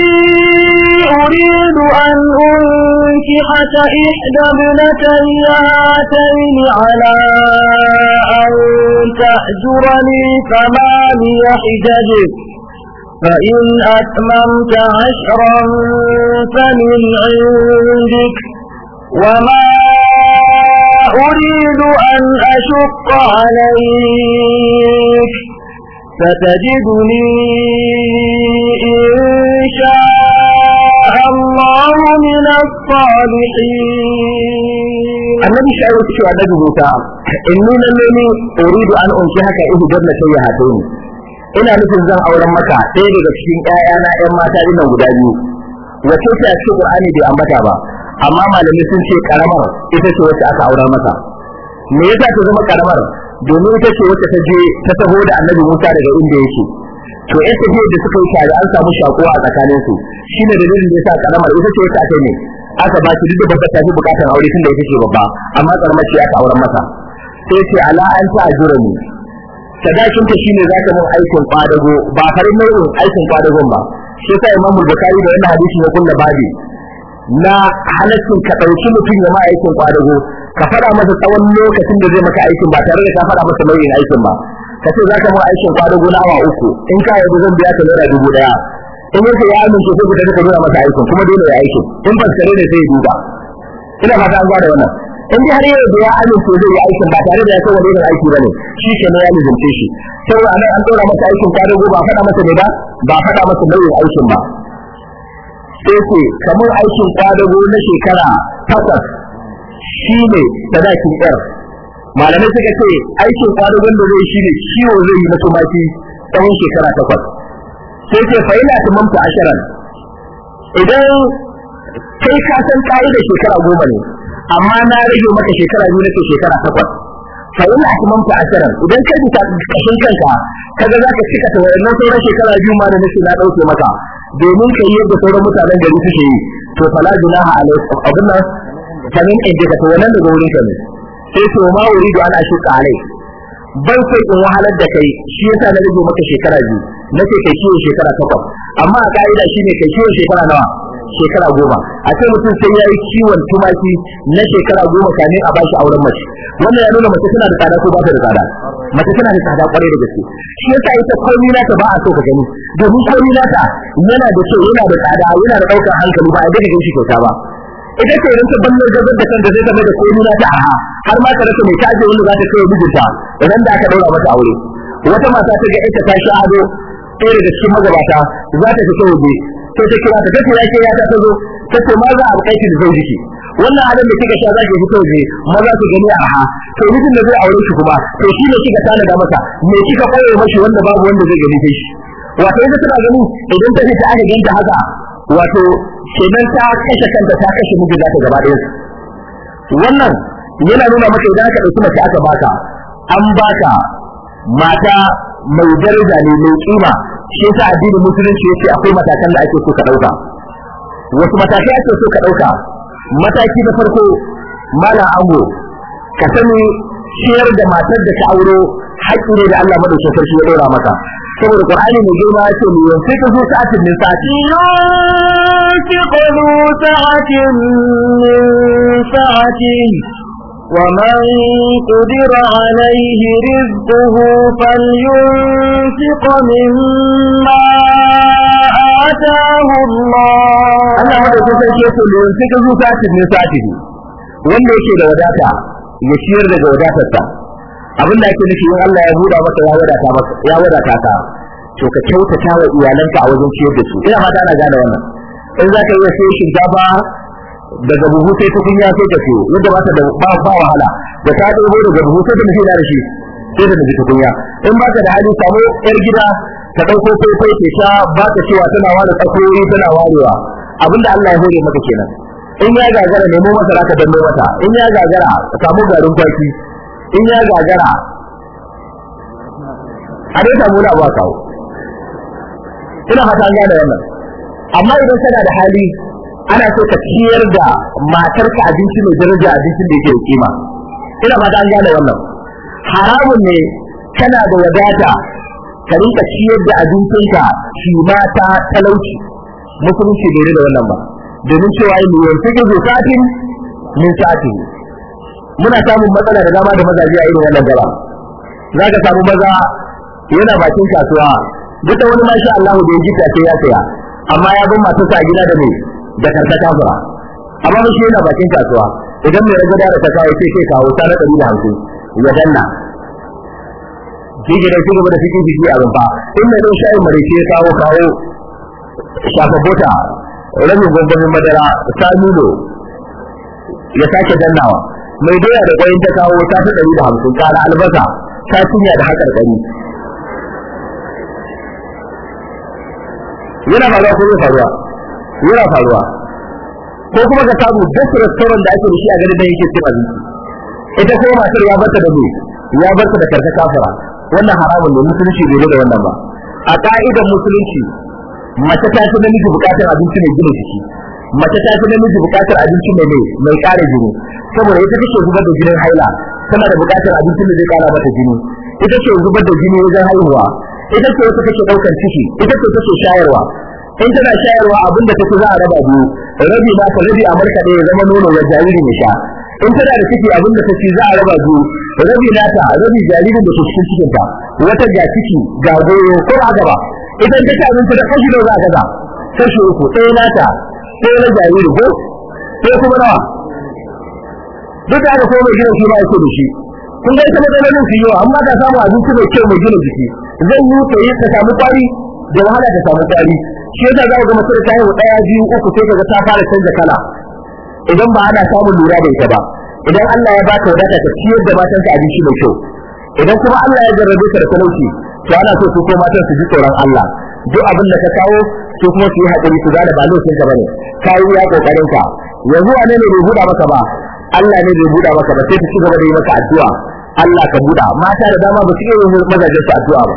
inni uridu an unki haka idan sai ya ihdanna sayyahatu qala inni أريد أن أنكحة إحدى ابنتي ala an tahjurani kama li حجج فإن أتممت عشرا فمن عندك وما أريد أن أشق عليك فتجدني إن شاء الله من الصالحين النبي شعر تشوى نجد تعالى إني لمني أريد أن أنشهك إيه جبل سيهاتين ina nufin zan auren maka ɗaya daga cikin ƴaƴana ƴan mata ina guda biyu wace ce a cikin bai ambata ba amma malamai sun ce karamar ita ce wacce aka aura masa me yasa ta zama karamar domin ita ce wacce ta je ta taho da annabi Musa daga inda yake to in ta da suka yi tare an samu shakuwa a tsakanin su shine dalilin da yasa karamar ita ce wacce aka ne aka ba shi duk ba ta fi bukatar aure tun da ita ce babba amma karamar ce aka auren masa sai ce ala an ta ajurani sadakin ta shine zaka mun aikin kwadago ba farin mai aikin kwadagon ba Sai sa imamul Bukhari da wannan hadisi ya kunna babi na halaccin ka ɗauki mutum ya ma aikin kwadago ka faɗa masa tsawon lokacin da zai maka aikin ba tare da ka faɗa masa nauyin aikin ba ka ce za ka ma aikin kwadago na awa uku in ka yi zan biya ta naira dubu ɗaya in yake ya amince sai ku tafi ka nuna masa aikin kuma dole ya aikin in sare ne sai ya duba ina fata an gwada wannan in dai har yau da ya amince zai yi aikin ba tare da ya san wani irin ba bane shi ke ne ya mijince shi sai anan an ɗora masa aikin kwadago ba faɗa masa ne ba ba faɗa masa nauyin aikin ba sai ce kamar aikin kwadago na shekara takwas shi ne sadakin yar malamai suka ce aikin kwadagon da zai shi ne ciwo zai yi masu mafi tsawon shekara takwas sai ce fa ina ta ashirin idan kai ka san da shekara goma ne amma na rage maka shekara biyu nake shekara takwas fa ina ta ashirin idan kai ta kashin kanka kaga zaka cika ta wayannan sauran shekara biyu ma da nake na dauke maka domin ka yi yadda sauran mutanen gari suke yi to fala junaha alaikum abin nan kamin in ji ka to wannan daga ka ne sai to ma wuri da ana shi alai ban sai in wahalar da kai shi yasa na rage maka shekara biyu na ce kai kiwo shekara takwas amma a ka'ida shine kai kiwo shekara nawa shekara goma a ce mutum sai ya yi ciwon tumaki na shekara goma kamin a bashi auren mace wannan ya nuna mace tana da tsada ko ba ta da tsada mace tana da tsada kwarai da gaske shi yasa ita komai nata ba a so ka gani domin komai nata yana da kyau yana da tsada yana da ɗaukar hankali ba a daga ganin shi kyauta ba ita ce idan ta ballo gaban da kanta zai zama da komai nata a har ma ta rasa mai taje wanda za ta kai mijinta idan da aka daura mata aure wata mata ta ga ita ta sha ado ɗaya daga cikin magabata za ta fita waje sai ta kira ta ta ya ke ya ta zo kace ma za a alƙaiti da jiki wannan halin da kika sha za ki fito ne maza su gani a ha to mutum da zai aure shi kuma to shi ne kika tana da masa me kika koyo mashi wanda babu wanda zai gani kai shi wato idan tana gani idan ta fita aka ganta haka wato kenan ta kashe kanta ta kashe miji za ta gaba ɗaya wannan yana nuna maka idan aka ɗauki mace aka baka an baka mata mai daraja ne mai kima shi yasa addinin musulunci yace akwai matakan da ake so ka dauka wasu matakai ake so ka dauka mataki na farko mala ango ka sani ciyar da matar da ka auro haƙƙi ne da Allah madaukakin sarki ya dora maka saboda Qur'ani mai girma yace mu sai ka zo sa'atin min sa'ati yantiqu sa'atin min ومن قدر عليه رزقه فلينفق مما آتاه الله أنا هذا سيكون فلينفق ذو ساعة من ساعته wanda yake da wadata ya ciyar daga wadatarta. abin da ake nufi in Allah ya buɗa maka ya wadata ka to ka kyautata wa iyalanka a wajen ciyar da su ina fata na gane wannan in za ka wasu shi gaba. daga buhu sai tukunya sai ta siyo yadda ba ta da ba ba wahala da ta dauko daga buhu sai ta mutum da shi sai da mutum tukunya in ba ka da hali samu yar gida ka dauko sai sai ke sha ba ka cewa tana wani tsakoyi tana warewa abinda Allah ya hore maka kenan in ya gagara nemo masa ka danne mata in ya gagara ka samu garin kwaki in ya gagara a dai samu na abuwa kawo ina fata an gane wannan amma idan tana da hali ana so ka ciyar da matarka abinci mai daraja abincin da yake da kima ina fata an gane wannan haramun ne kana da wadata ka rinka ciyar da abincinka shi mata talauci musulunci bai da wannan ba domin cewa yi miyar cikin zukatin min tafi. muna samun matsala da dama da mazaje a irin wannan gaba za ka samu maza yana bakin kasuwa duk wani masha Allah da ya ji ta ya saya amma ya bin matarsa a gida da mai da karta kafira amma ba shi yana bakin kasuwa idan mai rago da kasa yake ce sai kawo tare ɗari da hamsin ya danna shi ne shi gaba da shi biki a rumfa in mai don shayin mare ya kawo kawo shafa bota rabin gwangwamin madara nuno. ya sake dannawa mai doya da kwayin ta kawo ta fi ɗari da hamsin kara albasa ta cinya da hakar ɗari yana ba za ku yi faruwa yana faruwa ko kuma ka samu duk restaurant da ake shi a garin da yake cin abinci ita ko matar ya barka da mu ya barka da karka kafara wannan haramun ne musulunci bai da wannan ba a ka'idar musulunci mace ta fi namiji bukatar abinci mai gina jiki mace ta fi namiji bukatar abinci mai mai mai kare jini saboda ita take zubar da jinin haila tana da bukatar abinci da zai kara mata jini ita ce zubar da jini wajen haihuwa ita ce wata take daukar ciki ita ce take shayarwa in tana shayarwa abin da take za a raba biyu rabi ba ka rabi a marka ya zama nono ya jariri mai sha in tana da ciki abin da take za a raba biyu rabi na ta rabi jaririn da ke cikin cikin wata ga ciki ga goyo ko a gaba. idan ta ci abinci da kashi nawa za ka ga kashi uku ɗaya ta. ɗaya na jariri ko ɗaya kuma nawa duk da haka ko mai gidan shi ba yake da shi kun ga ita matsalolin su yiwa amma ka samu abinci mai kyau mai gina jiki zan yi ta yi ta samu kwari da wahala ta samu kwari shi yasa za ku ga mace ta haihu daya biyu uku sai ga ta fara canza kala idan ba ana samun lura da ita ba idan Allah ya ba ta wadata ta ciyar da matan matanka shi mai kyau idan kuma Allah ya jarrabe ka da talauci to ana so su ko matan su ji tsoron Allah duk abin da ka kawo su kuma su yi hakuri su gane ba lokacin ka bane ka yi ya kokarin ka yanzu wane ne bai buɗa maka ba Allah ne bai buɗa maka ba sai ka ci gaba da yi maka addu'a Allah ka buɗa mata da dama ba su iya yin mazajen su addu'a ba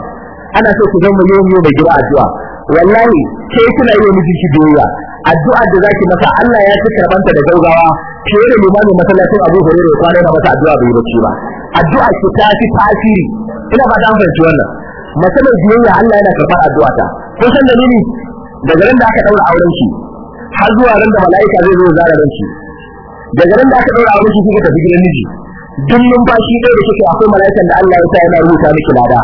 ana so su zama yau mai gida addu'a wallahi ke kuna yi miji shi doya addu'a da zaki masa Allah ya fi karbanta da gaugawa ke da limami masallacin Abu Hurairah kwana na masa addu'a bai bace ba addu'a ki ta fi tasiri ina ba ta fahimci wannan Masallacin biyayya Allah yana karɓar addu'a ta kun san dalili daga ran da aka daura auren shi har zuwa ran da mala'ika zai zo zara ran shi daga ran da aka daura auren shi kika tafi gidan miji duk numfashi ɗaya da kike akwai mala'ikan da Allah ya sa yana rubuta miki lada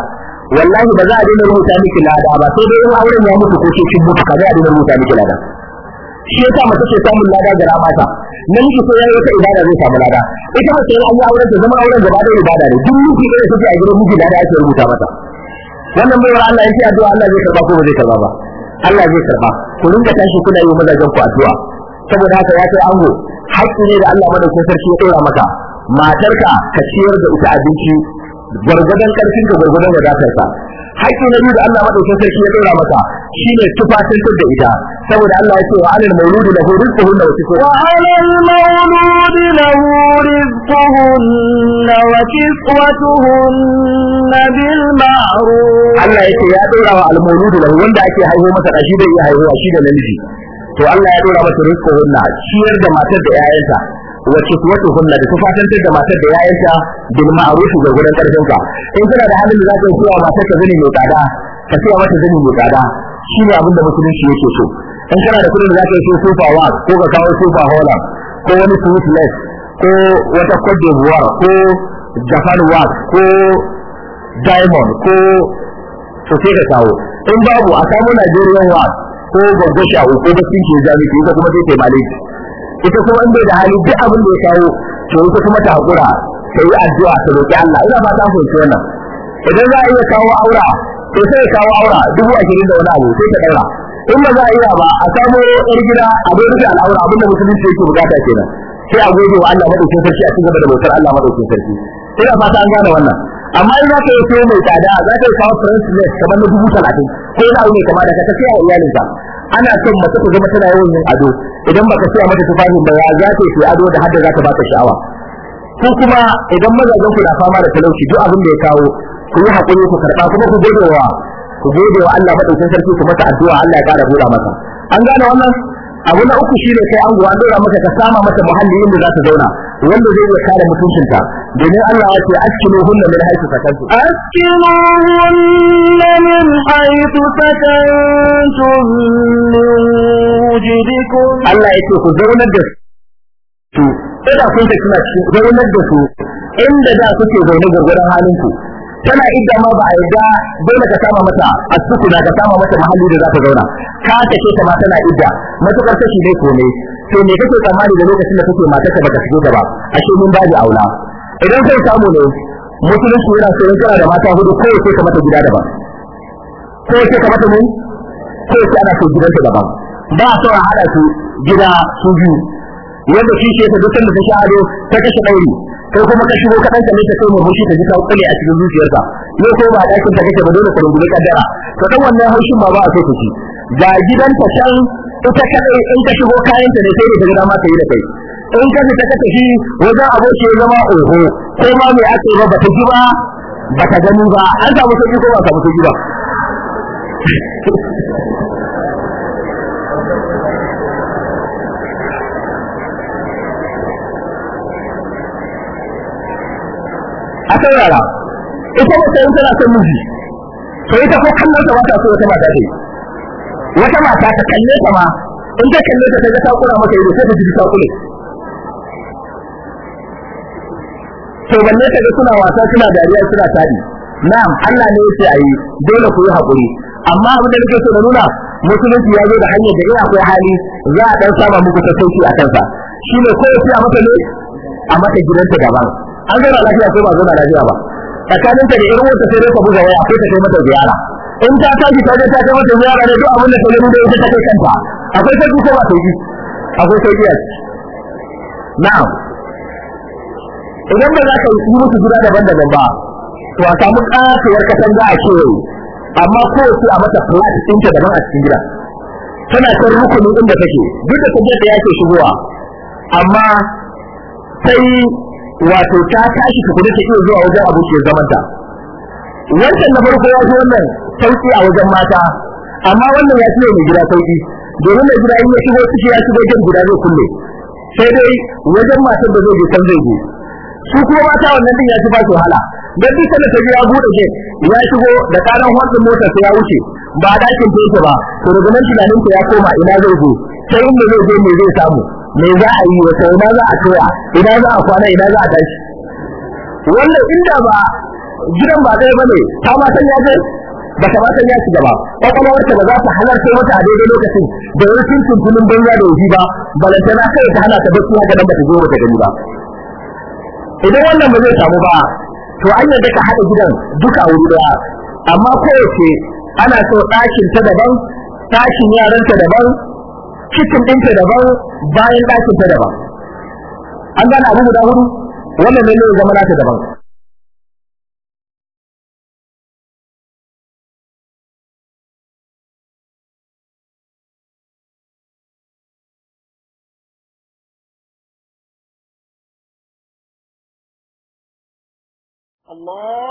wallahi ba za a daina rubuta miki lada ba sai dai in auren ya mutu ko ke kin mutu ka za a daina rubuta miki lada shi yasa mace samun lada ga ramata namiji sai yayi wata ibada zai samu lada ita mace in an auren ta zama auren gaba da ibada ne duk miki da take a gidan miki lada ake rubuta mata wannan bai wa Allah yake addu'a Allah zai karba ko ba zai karba ba Allah zai karba ku rinka tashi kuna yi mazajen ku addu'a saboda haka ya kai ango haƙƙi ne da Allah madaukakin sarki ya ɗora maka matarka ka ciyar da ita abinci gwargwadon karfin ka gwargwadon wadatar ka haƙƙi na biyu da Allah madaukakin sarki ya dora mata shine tufatantar da ita saboda Allah ya ce wa alal mawlud lahu rizquhun wa kisfuhun wa alal mawlud lahu rizquhun wa kisfuhun bil ma'ruf Allah ya ce ya dora wa al mawlud lahu wanda ake haihu masa kashi bai iya haihuwa shi da namiji to Allah ya dora masa na ciyar da matar da 'ya'yanta wa kiswatuhunna da tufatantar da matar da yayanta bil ma'ruf da gurin karfin ka in kana da halin da zaka yi cewa matar ka zani mai tsada ka cewa mata zani mai tsada ne abin da musulunci yake so in kana da kudin da zaka yi sofa wa ko ka kawo sofa hola ko wani sweetness ko wata Cote d'Ivoire ko Japan wax ko diamond ko to sai ka kawo in babu a samu Nigerian wax ko gogo ko da kinke jami'i ko kuma sai kai ita kuma in bai da hali duk abin da ya kawo to ita kuma ta hakura ta yi addu'a ta roƙi Allah ina ba ta fahimci wannan idan za a iya kawo aura to sai kawo aura dubu ashirin da wani abu sai ta ɗaura in ba za a iya ba a samo yar gida a bai rufe al'aura abin da musulunci yake bukata kenan sai a gode wa Allah madaukin sarki a cikin gaba da bautar Allah madaukin sarki ina fata an gane wannan amma in za ka yi sai mai tsada za ka yi kawo translate kamar na dubu talatin Sai na yi mai kama da ka tafiya wa iyalinka ana son mace ta zama tana yawan yin ado idan baka siya mata tufafin ba ya za ta yi ado da hadda za ta baka sha'awa ko kuma idan mazajen ku na fama da talauci duk abin da ya kawo ku yi hakuri ku karɓa kuma ku gode wa ku gode wa Allah madaukakin sarki ku mata addu'a Allah ya ƙara buɗa mata. an gane wannan abu na uku shine kai an an dora maka ka sama mata muhalli inda za ta zauna wanda zai iya kare mutuncinta domin Allah ya ce askinuhunna min haythu sakantum askinuhunna min haythu sakantum wujidikum Allah ya ce ku zaunar da su kada kun ta kina zaunar da su inda da kuke zaune gurgurdan halinku tana idda ma ba a yadda dole ka sama mata a sukuna ka sama mata mahalli da za ta zauna ka take ta ma tana idda matukar take ne ko ne to me kake tsammani da lokacin da kake matarka baka shige ta ba ashe mun baji aula idan sai samu ne musulunci yana so yana da mata hudu ko sai ka mata gida ba ko sai ka mata mun ko sai ana so gidanka da ba so a hada su gida su biyu yadda shi ke ta dukkan da ta sha ado ta kashe dauri kai kuma ka shigo kaɗan ka ta kai murmushi ka ji ka kule a cikin zuciyarka ne ko ba ɗakin ta kake ba dole ka rungume kaddara to dan wannan haushin ma ba a so ka ci ga gidanta can ita kaɗai in ka shigo kayan ta ne sai da ta gida ma ta yi da kai in ka fita ka tafi wajen aboki ya zama oho sai ma mai ake ba bata ji ba bata gani ba an samu sauki ko ba samu sauki ba a saurara ita ba in tana son miji to ita ko kallon ta wata so wata mata ce wata mata ta kalle ta ma in ta kalle ta ta ga ta kura mata ido sai ta ji ta to balle ga suna wasa suna dariya suna tadi na'am Allah ne yake ayi dole ku yi hakuri amma abin da nake so na nuna musulunci ya zo da hanyar da yake akwai hali za a dan saba muku ta sauki a kansa shine ko yace a mata ne a mata gidanta daban an zo lafiya ko ba zo lafiya ba tsakanin ta da irin wata sai ka buga waya ko ta kai mata ziyara in ta tashi ta je ta kai mata ziyara ne duk abin da ta nemi da yake ta kai kanta akwai ku ko ba sauki akwai sauki na'am idan ba za ka yi musu gida daban-daban ba to a samu kasan za a kewaye amma kowace a mata flat ɗinta daban a cikin gida tana kan rukunin inda take duk da kuma ya ke shigowa amma sai wato ta tashi kudu ta iya zuwa wajen abokiyar ta wancan na farko ya fi wannan sauki a wajen mata amma wannan ya fiye mai gida sauki domin mai gida in ya shigo ciki ya shigo jan gida zai kulle sai dai wajen matar da zai je can zai je su kuma mata wannan din ya ci ba su wahala dan duk sanda ta biya ya bude gate ya shigo da karan wannan motar sai ya wuce ba dakin fesa ba to daga nan tunanin ta ya koma ina zai je sai inda zai je me zai samu me za a yi wata ina za a tsaya ina za a kwana ina za a tashi wannan inda ba gidan ba dai bane ta ma san ya je ba ta ma san ya shiga ba kuma wacce ba za ta halarta wata a daidai lokacin da wani tuntun tunin banza da wuji ba balantana sai ta hana ta su ga nan ba ta zo ba ta gani ba idan wannan ba zai samu ba to an yadda ka haɗa gidan duka wuri daya amma kowace ana so ɗakin ta daban ɗakin yaran ta daban cikin ɗinta daban bayan ɗakin ta daban an gane abu guda hudu wannan ne zama nata daban الله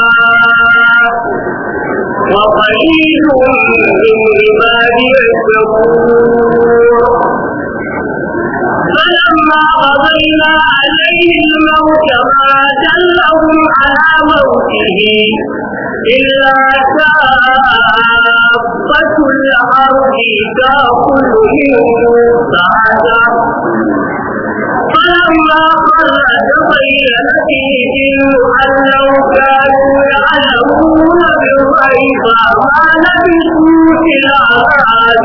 وقليل من عبادي الشكور فلما قضينا عليه الموت ما دلهم على موته إلا دابة الأرض تأكل منه سعده ولما خلد بين أن لو كانوا يعلمون بالغيب ما لبثوا في العذاب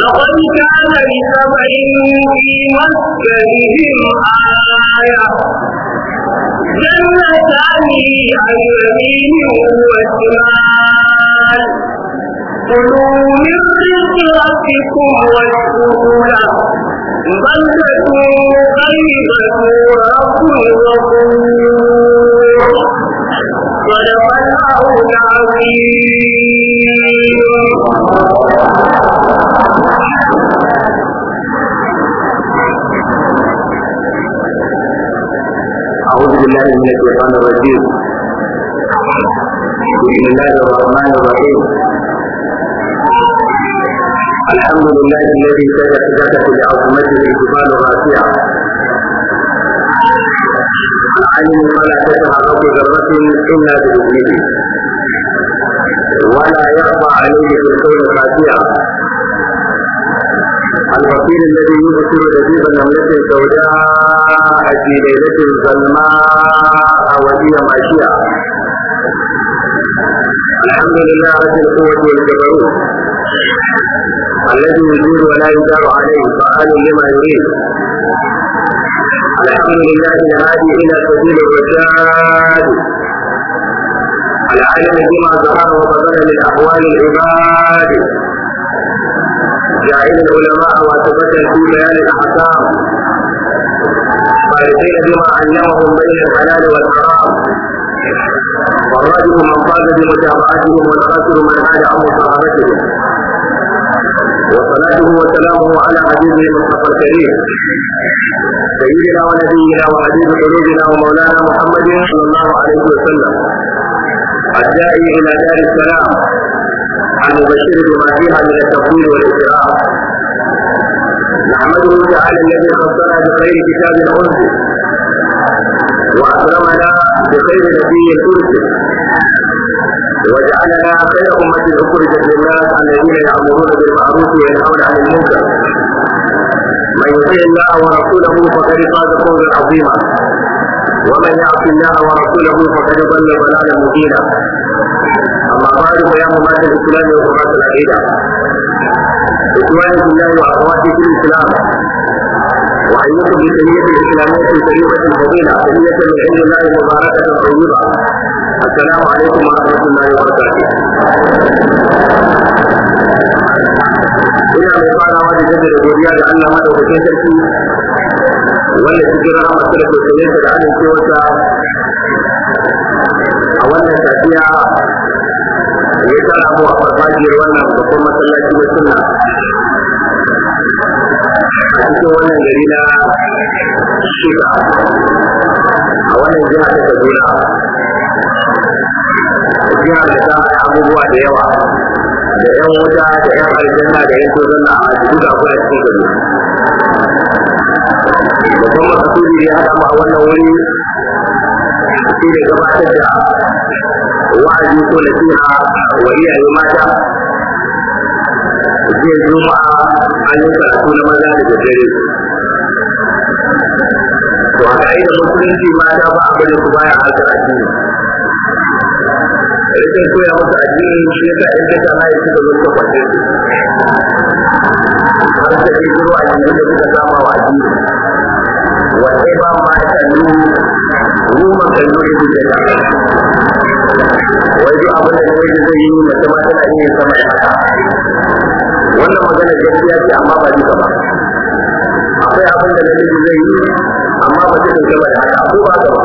لقد كان لسبع في مسكنهم آية جنتان عن يمين وشمال كلوا من رزق ربكم واشكروا له بلدة طيبة ورب غفور صدق الله العظيم أعوذ بالله من الشيطان الرجيم بسم الله الرحمن الرحيم الحمد لله الذي سيحدث بعظمته الجبال راسعة العلم فلا تسعى رب ذرة إلا بإذنه ولا يخفى عليه في الكون خاشعة الوكيل الذي يبصر نجيب نملة سوداء في ليلة ظلماء وهي ماشية الحمد لله رب القوة والجبروت الذي يجير ولا يجار عليه فعال لما يريد الحمد لله الهادي الى سبيل الرشاد العالم بما ظهر وبطن من اقوال العباد جاعل العلماء وثبتا في بيان الاحكام فارقين بما علمهم بين الحلال والحرام والرجل من فاز بمتابعتهم والخاسر من عاد عن مصاحبتهم صلاته وسلامه على عزيزه المصطفى الكريم سيدنا ونبينا وحبيب قلوبنا ومولانا محمد صلى الله عليه وسلم الداعي الى دار السلام المبشر بما فيها من التفضيل والاكرام نحمده تعالى الذي خصنا بخير كتاب انزل واكرمنا بخير نبي ارسل وجعلنا خير أمة أخرجت للناس الذين يأمرون بالمعروف وينهون عن المنكر من يطيع الله ورسوله فقد فاز فوزا عظيما ومن يعص الله ورسوله فقد ضل ضلالا مبينا amma ba da bayan mu da islamu ya kuma tsara aida ikwani kullu wa awati fil islam wa ayyuka bi tariqi islam wa tariqi al hadina in yakun min allah mubarakatan tayyiba assalamu alaykum wa rahmatullahi wa barakatuh ina mai fara wa da godiya da Allah madaukakin sarki wanda cikin rahmatar da ke da da a wannan safiya ya tara mu a farfajiyar wannan babban masallaci na sunna a cikin wannan gari na shiga a wannan jiha ta kaduna jiha da ta abubuwa da yawa da yan wuta da yan aljanna da yan tozanna a cikin da akwai a cikin kaduna babban makasudi ya haɗa mu a wannan wuri shi ne gabatar da wa'azi ko nasiha wa iyaye mata yi karatu na maza da to a mata ba a baya rikin koya shi ta ta kwace su har da suka addini wa sai ba ma ta nuna goma kan yi su da wai duk abin da ne zai yi mace ma tana iya yin sama ya wannan magana gaskiya ce amma ba duka ba akwai abin da namiji zai yi amma ba zai sama ya haka ko ba ka ba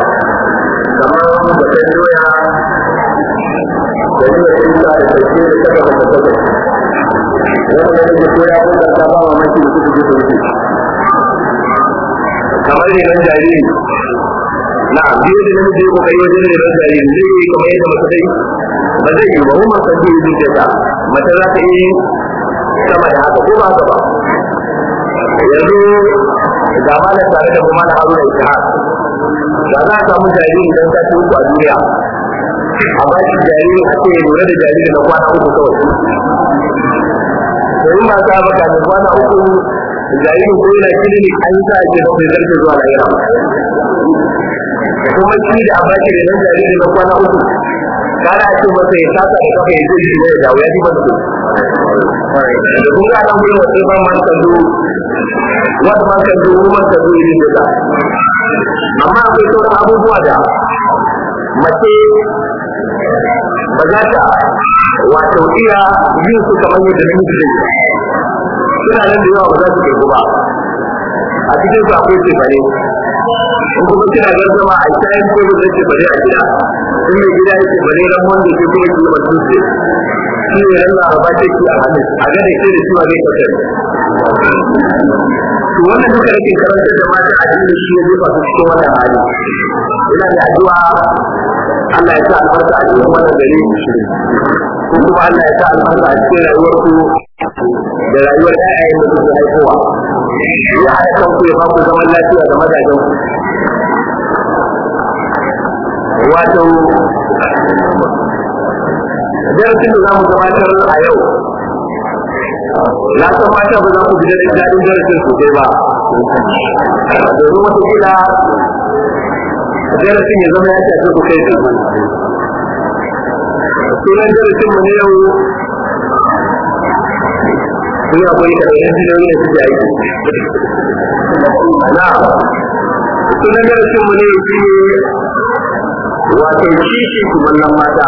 kamar ba ta doya da doya ta da sauke da ta gaba ta gaba wani da nake doya ko da ta ba mamaki da kuka ji sauke kamar ne nan jariri na'am biyu da namiji ko kai wajen ne ran jariri ne kuma yadda mace dai ba zai yi ba kuma sai yi dinka ta mace za ta yi sama da haka ko ba haka ba yanzu ga da tare da kuma da na haruna ishaq da za a samu jariri don ta ci uku a duniya a ba shi jariri a ce lura da jariri na kwana uku kawai to in ba ta baka da kwana uku jaririn ko yana kilini an sa ake bakwai zarfe zuwa lahira kuma shi da abaki da nan jariri na kwana uku kana ce masa ya sasa da kafa ya je shi ne ya dawo ya ji masa da kun ga nan gurin wasu ban man kando wata man kando man kando irin da amma akwai sauran abubuwa da mace ba za ta wato iya yin su kamar yadda namiji zai suna nan da yawa ba za su kai ba a cikin su akwai tsibare in kuma kina zan zama a kayan ko da ke bare a gida in mai gida yake bare ran wanda ke kuma ki ba su ce shi ne ran laraba take a hannu a ga da ke da shi ma zai kasance to wannan duka yake karantar da mata addini shi ne jefa su cikin wannan hali ina da addu'a Allah ya sa albarka a cikin wannan gari ko kuma Allah ya sa albarka a cikin rayuwar ku da rayuwar ƴaƴayen da kuke haihuwa ya haɗa kanku ya ku zaman lafiya da mazajen wato darasin da za mu gabatar a yau na san mata ba za ku ji daɗin daɗin darasin sosai ba domin wataƙila darasin ya zama ya shafi ku kai su sunan darasin mu ne yau kun yi akwai karɓar jinoyi da suke aiki na sunan darasin mu ne shi ne wato shi shi kumallon mata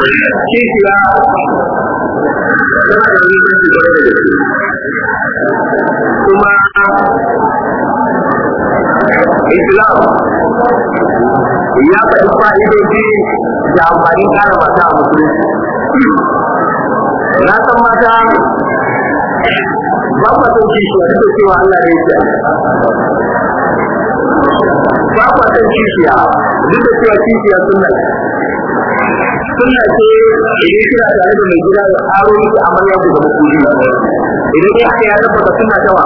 kishiya tana da muhimmanci kwarai da gaske kuma islam ya faɗi fa'idoji da amfani ƙara mata a musulunci na san mata ba kwa son kishiya duk da cewa Allah ne ya ba duk da cewa sunna sunna ce idan kina tare da mai gida ya aro miki amarya ku da kuɗi idan dai haka ya tabbata sunna ta wa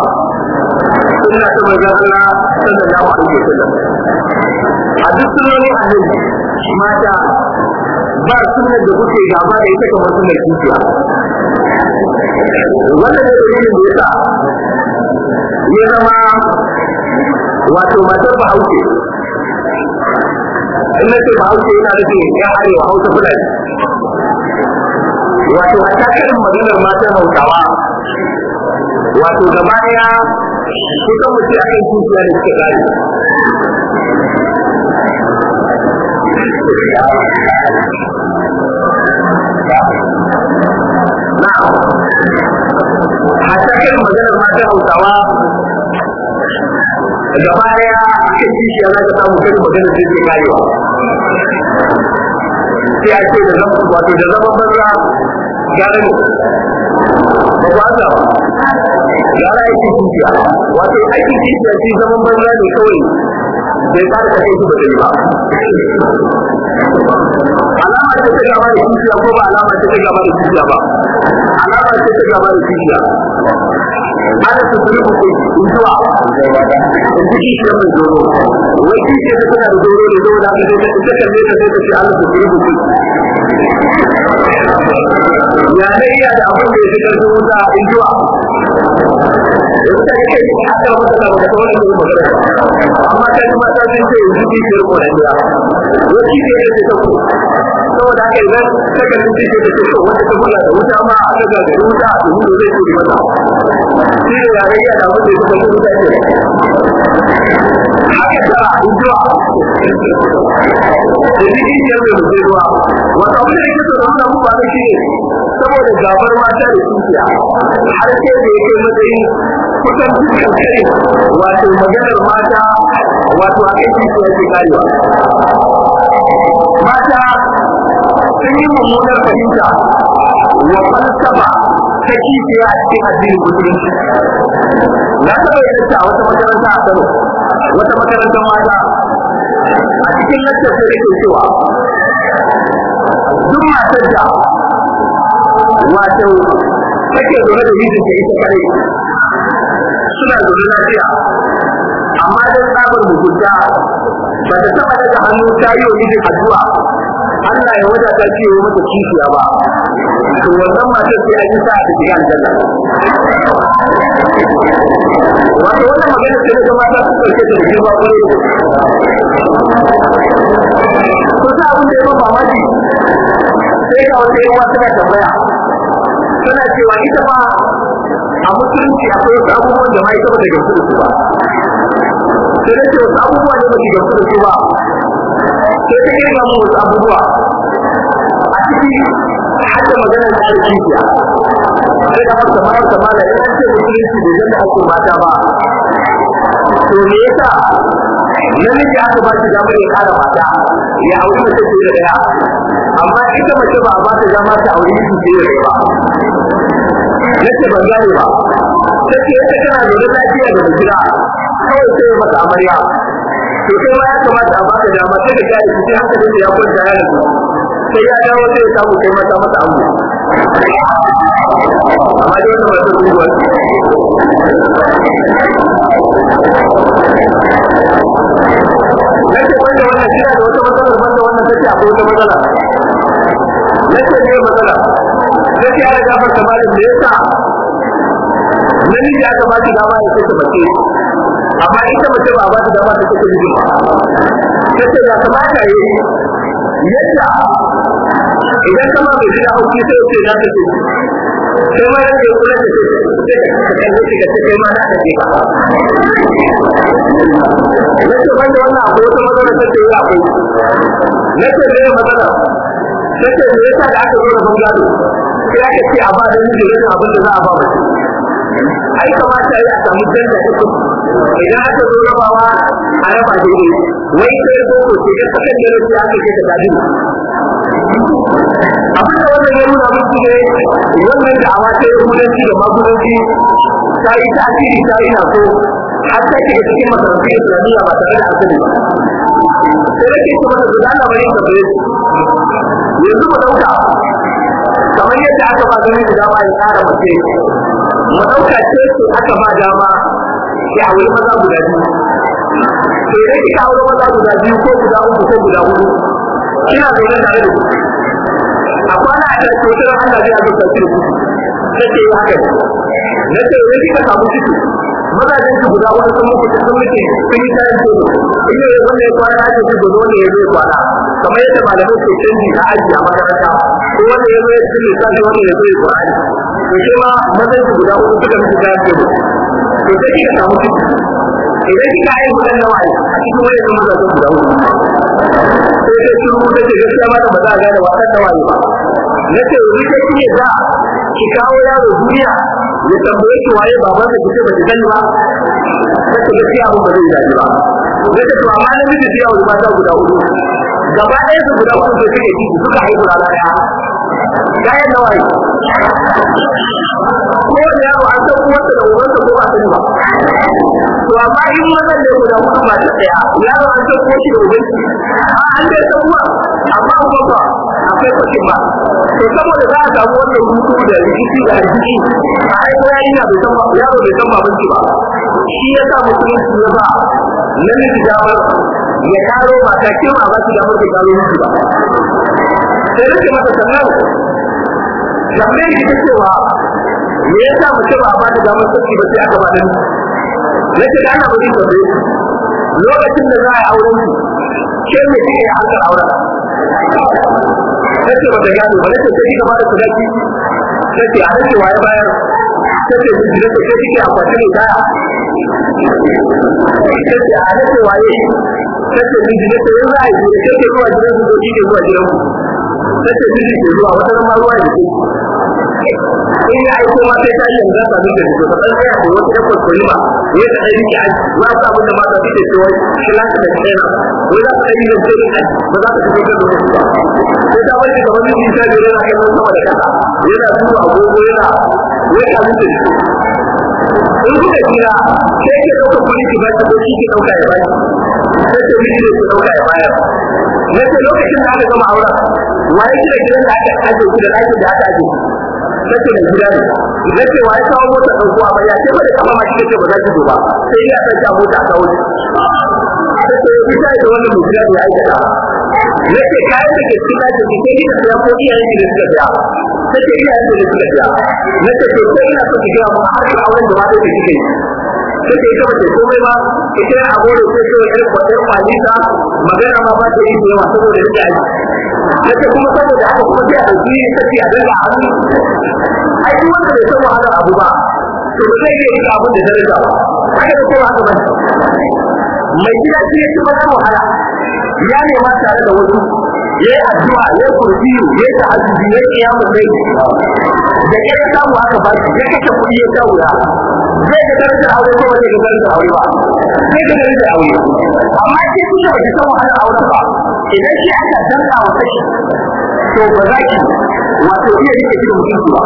sunna ta manzon Allah sallallahu alaihi wasallam a duk sunnoni annabi mata ba sunnar da kuke gaba da ita kamar sunnar kifiya wannan dalilin da yasa ya zama wato matar ba hauke in na ce ba hausa yana nufin ya arewa hausa fulani wato a takarin maganar matan hausawa wato gaba ɗaya kusan mutum akan kuciya da suka tsari hatakin maganar matan hausawa gaba daya cikin kishiya za ka samu kan maganar da ke karewa sai a ce da zama wato da zama banza gare ne ba ba wato aikin kishiya shi zaman banza ne kawai bai fara kashe su ba ba alama ce ta gaba da ko ba alama ce ta gaba da ba alama ce ta gaba da ana su su rubu in zuwa in ji shi mun doro wai shi ke da kana doro ne dole da ka da ka kalle ta sai ka ce ana su rubu ku ya ne iya da abin da yake da wuta in zuwa amma ta kuma ta ce yanzu ke rubu da ya wai shi ne da ta saboda haka idan ta ganin jike da ke wata ta buga da wuta ma a da wuta a zai ce mata shi ne yare ya da wuta da kuma wuta ce haka da wuta da wata abu da ya fito da kuma da shi saboda gabar mata da har sai da matsayi kusan wato maganar mata wato a kai karewa mata sun yi mummunar fahimta wa falsafa ta kife a cikin addinin musulunci na taɓa yi lacca a wata makaranta a Kano wata makaranta mata a cikin laccar sai da ke cewa duk matar da wato take zaune da mijinta ita kare suna zaune lafiya amma dan tsabar mugunta ba ta taɓa daga hannu ta yi wa mijin addu'a Allah ya wadata ce ya mata kishiya ba to wannan matar sai an yi sa ta shiga aljanna wato wannan magana ce da mata su ɗauke da girma kwarai ko sa abin da ya sai ga wata yawa suna tambaya Tana cewa ita fa a musulunci akwai wasu abubuwan da ma ita ta gamsu da su ba sai ce wasu abubuwa ba su ba sai ta girma mu wasu abubuwa a ciki har da maganar da ake cikiya sai da masa mara sama da ya ce musulunci da yadda ake mata ba to me yasa namiji aka ba shi damar ya kara mata ya auri mace ce da daya amma ita mace ba a ba ta dama ta auri miji ce da ba ce ban gane ba take yace kana da lafiya da bijira kawai sai mata amarya to kai ma ya kamata a baka dama sai ka kare shi har ka ya kwanta ya rasu sai ya dawo sai ya samu kai mata masa abu amma dai wannan masu duba Nake wanda wannan shi da wata matsalar banda wannan take akwai wata matsala. Nake ne matsala. Nake ya gafar ta malam me yasa? Namiji aka ba shi dama ya ce ta mace amma ita mace ba ba ta dama ta ce miji ba ta ya kamata yi yadda idan kama mai gida hauki sai ce za ta ce sai ma yadda kula da ce ka kalli ce ma ta ce ba na ce banda wannan akwai wata matsala ta ce ya akwai na ce zai matsala ta ce me yasa da aka zo da bangaro sai aka ce a ba da miji rashin abin da za a ba mace ai kamata ya samu canza uku idan aka zo rabawa a raba daidai wai sai zo ko ce da sakan da rufi aka ce da dadi abin da wannan ya nuna muku ne wannan da awa ta kudanci da magudanci ta yi tasiri ta yi naso har ta ke cikin makarantu islamiyya ba tare da asali ba sai da ke kuma da guda na bari tafiye yanzu mu dauka kamar yadda aka ba gani da dama ya tsara mace mu ɗauka ce ce aka ba dama ya aure maza guda biyu to idan kika aure maza guda biyu ko guda uku ko guda hudu kina zaune tare da su a kwana a ƙarshe wata ran Allah zai azurta ki da ku sai ce yi haka ne na ce wani kika samu ciki mazajen su guda wani sun muku sun muke sun yi tayin su in yi wannan kwana ya ce gudu wanda ya zai kwana kamar yadda malamai ke canji na aji a makaranta ko wanda ya zai sun lissa shi wanda ya zai kwana to shi ma mazan su guda wani suka muku tayin su to sai kika samu ciki idan kika haihu dan nawa ne a cikin wani sun mazajen guda wani sai dai sun rubuta ce gaskiya ma da ba za a gane wasan nawa ne ba na ce rubuta shi ne za ki kawo yaro duniya ya tambaye shi waye baban sa kike baki sani ba kace gaskiya ba zai dace ba yace to amma na miji da yawo mata guda hudu gaba ɗaya su guda hudu su kike ji suka haihu rana ɗaya ya yi wai ko da yaro an san uwarsa da uwarsa ko ba sani ba to amma in wannan da guda hudu ba ta daya yaro an ta koshi da ubangi a an da ta uwa amma uwa ba akwai koshi ba to saboda za a samu wannan hutu da rikici da rikici a haifar na bai san ba yaro bai san babanci ba shi ya sa mutum su ya ba namiji damar ya karo mata ke ma ba shi damar da karo miki ba sai rike mata sannan jamai ita cewa me yasa mutum ba ba da damar sarki ba sai aka ba da nake da ana bazin kwafe lokacin da za a auren su ke ne kike hankar auren nake ba da gano ba nake sai ka ba da sadaki nake a nake waye bayar nake miji nake sai kike akwati ne daya nake a nake waye nake miji nake yin za a yi nake zuwa gidan su ko wata ruwa ne in ya aiko ma sai ta yin zaka da kan ko wata ko ko ba ya ta yi ki aji ma sa mun da ma ta ce to kila ta na ko da ta yi da ce ba za ta ce ka ba sai ta wani da wani ta da kai mun sama da kasa yana duba agogo yana ta mutu in kuka jira sai ke ɗauka kuɗi ki bashi ko ke ɗauka ya sai ya bayar na ce lokacin da aka gama auren waye kira gidan da aka ajiye ku da ɗakin da aka ajiye nake da gida ne nake wa ya kawo mota ɗan uwa ba ya ce ba da kama ma kike ba za ki zo ba sai ya san ta mota ta wuce da ke fita da wannan mutum ya aikata nake kayan da ke cikin ɗakin ki sai kika saya ko da suka saya nake iya ki da suka biya. nake to sai ina so ki gaya mu har ka auren da ma sai kike yi take ita bace komai ba ita a gore sai kawai irin kwatar ko magana ma ba ta yi da yawa saboda rike aiki nake kuma saboda haka kuma sai a ɗauki ne sai a dinga hannu ai duk wanda bai san wahalar abu ba to ba zai iya rika abin da daraja ba haka da cewa haka ba mai gida shi ya ci wahala ya nema tare da wasu ya yi addu'a ya kurfi ya ta hajji ya yi yamun dai da ya yi samu haka ba shi ya kashe kudi ya kawo ya zai ga darajar aure ko ba zai ga darajar aure ba zai ga darajar aure amma ke kusa ba ki san wahalar aure ba idan shi aka danka wa kashi to ba za ki wato iya rike shi da mutunci ba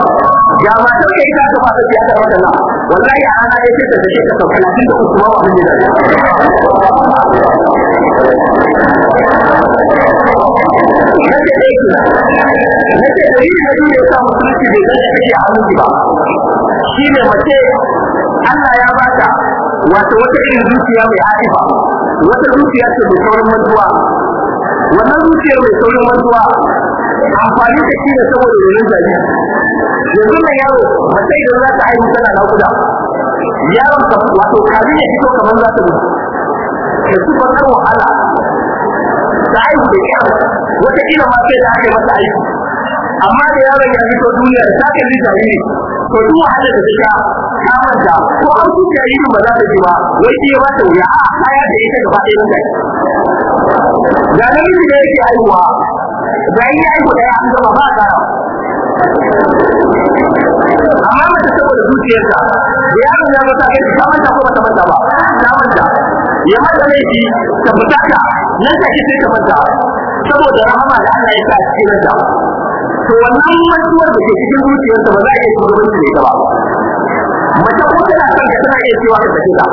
ga ma ta kai ta ka ba ta ya karɓa da wallahi ana ya ce ta ce ta sauka na cikin kuma ba mun da nake da yake nake da yi bai a ba shi ne mace Allah ya bata wato wata irin zuciya mai haifa wata zuciya ce saurin wannan saurin shi ne saboda yaro za ta haihu tana naƙuda yaron wato kamar za da aiki da yaro wata kila ma sai da ake masa aiki amma da yaron ya fito duniya da take ji jariri to duk wanda da ta ta manta ko an su jariri ba za ta ji ba wai ke ba ta wuya a kaya da ita gaba ɗaya ne da namiji da yake aiwa da yi aiko da ya an gaba ba ka amma mace saboda zuciyarta da yaro ya mata kai ta manta ko ba ta manta ba ta manta ya mata laifi ta fitata nan take sai ta manta saboda rahama da Allah ya sa a cikin ta to wannan mutuwar da ke cikin zuciyarsa ba za a iya kuma ne ta ba mace ko tana son ka tana iya cewa ka sake ta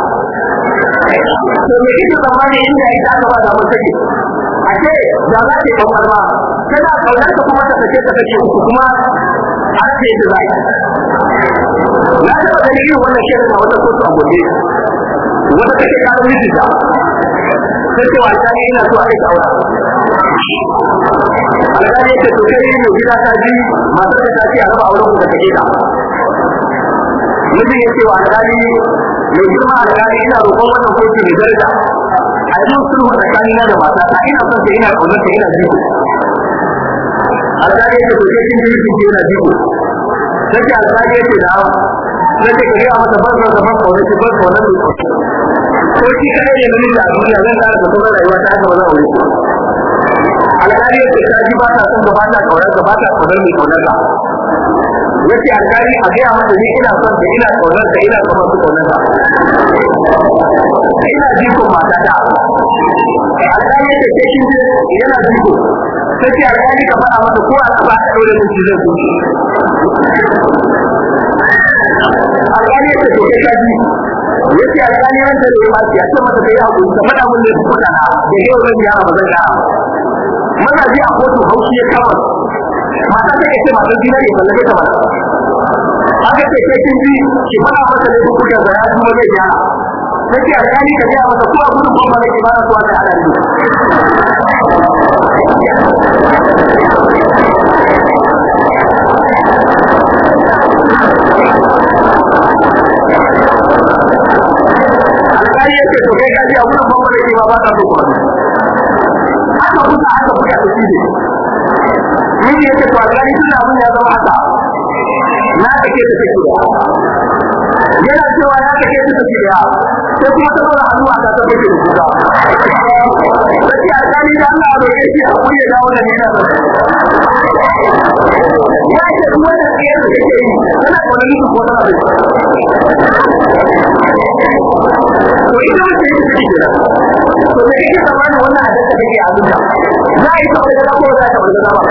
to me kike tsammani inda ita aka ba da mun sake a ce da za ta yi kamar ba tana kaunar ta kuma ta sake ta sake uku kuma har ta yi da na taɓa ganin irin wannan shirin a wata kotu a gobe wata take karar mijinta sai wasa ne ina so a rika aura alƙali ce to kai ne gida ta ji masu ta ce a raba auren ku da kake da mutum yake wa alƙali mai girma alƙali ina roƙon wannan kotu mai daraja a yi mun sulhu na da matata ina son ta ina ƙaunar ta ina jiko alƙali yake to kai kin ji kin ji ina jiko sai alƙali yake da na ce ka gaya mata barka da barka wani ce barka wani ne ko shi kadai ne namiji a duniya zan kara da rayuwa ta haka ba zan aure alƙali ya ce ji ba ta son da ba ta kaunar ka ba ta kaunar mai kaunar ka ya alƙali a gaya mata ni ina son da ina kaunar ka ina son masu kaunar ka ina jiko mata ta alƙali ya ce ke ne yana jiko sai alƙali ka faɗa mata ko a kafa ta ɗaure mun ci zai kuce alƙali ya ce to yake alƙali ran da ya bace ya ce mata kai abu ka fada mun ne ku da da yau zan yi ba zan da mana ji a kotu haushi ya kama mata ta ce mata dina ne balle ta mata haka ce ke ji ki fada mata ne ku da ya kuma zai ya a alƙali ka a mata ko abu ba ne ba ta da alƙali ya ce to alƙali tun da abin ya zama haka na kake ta tafiya yana cewa ya kake ta tafiya 这不都是老多啊？这都是必须的。而且，俺们新那都也是，我也到我们新疆去。而我们也是，那不能没共产党。我也不知道是谁写的。所以，这些干部呢，这些干部，那也是为了国家，为了国家嘛。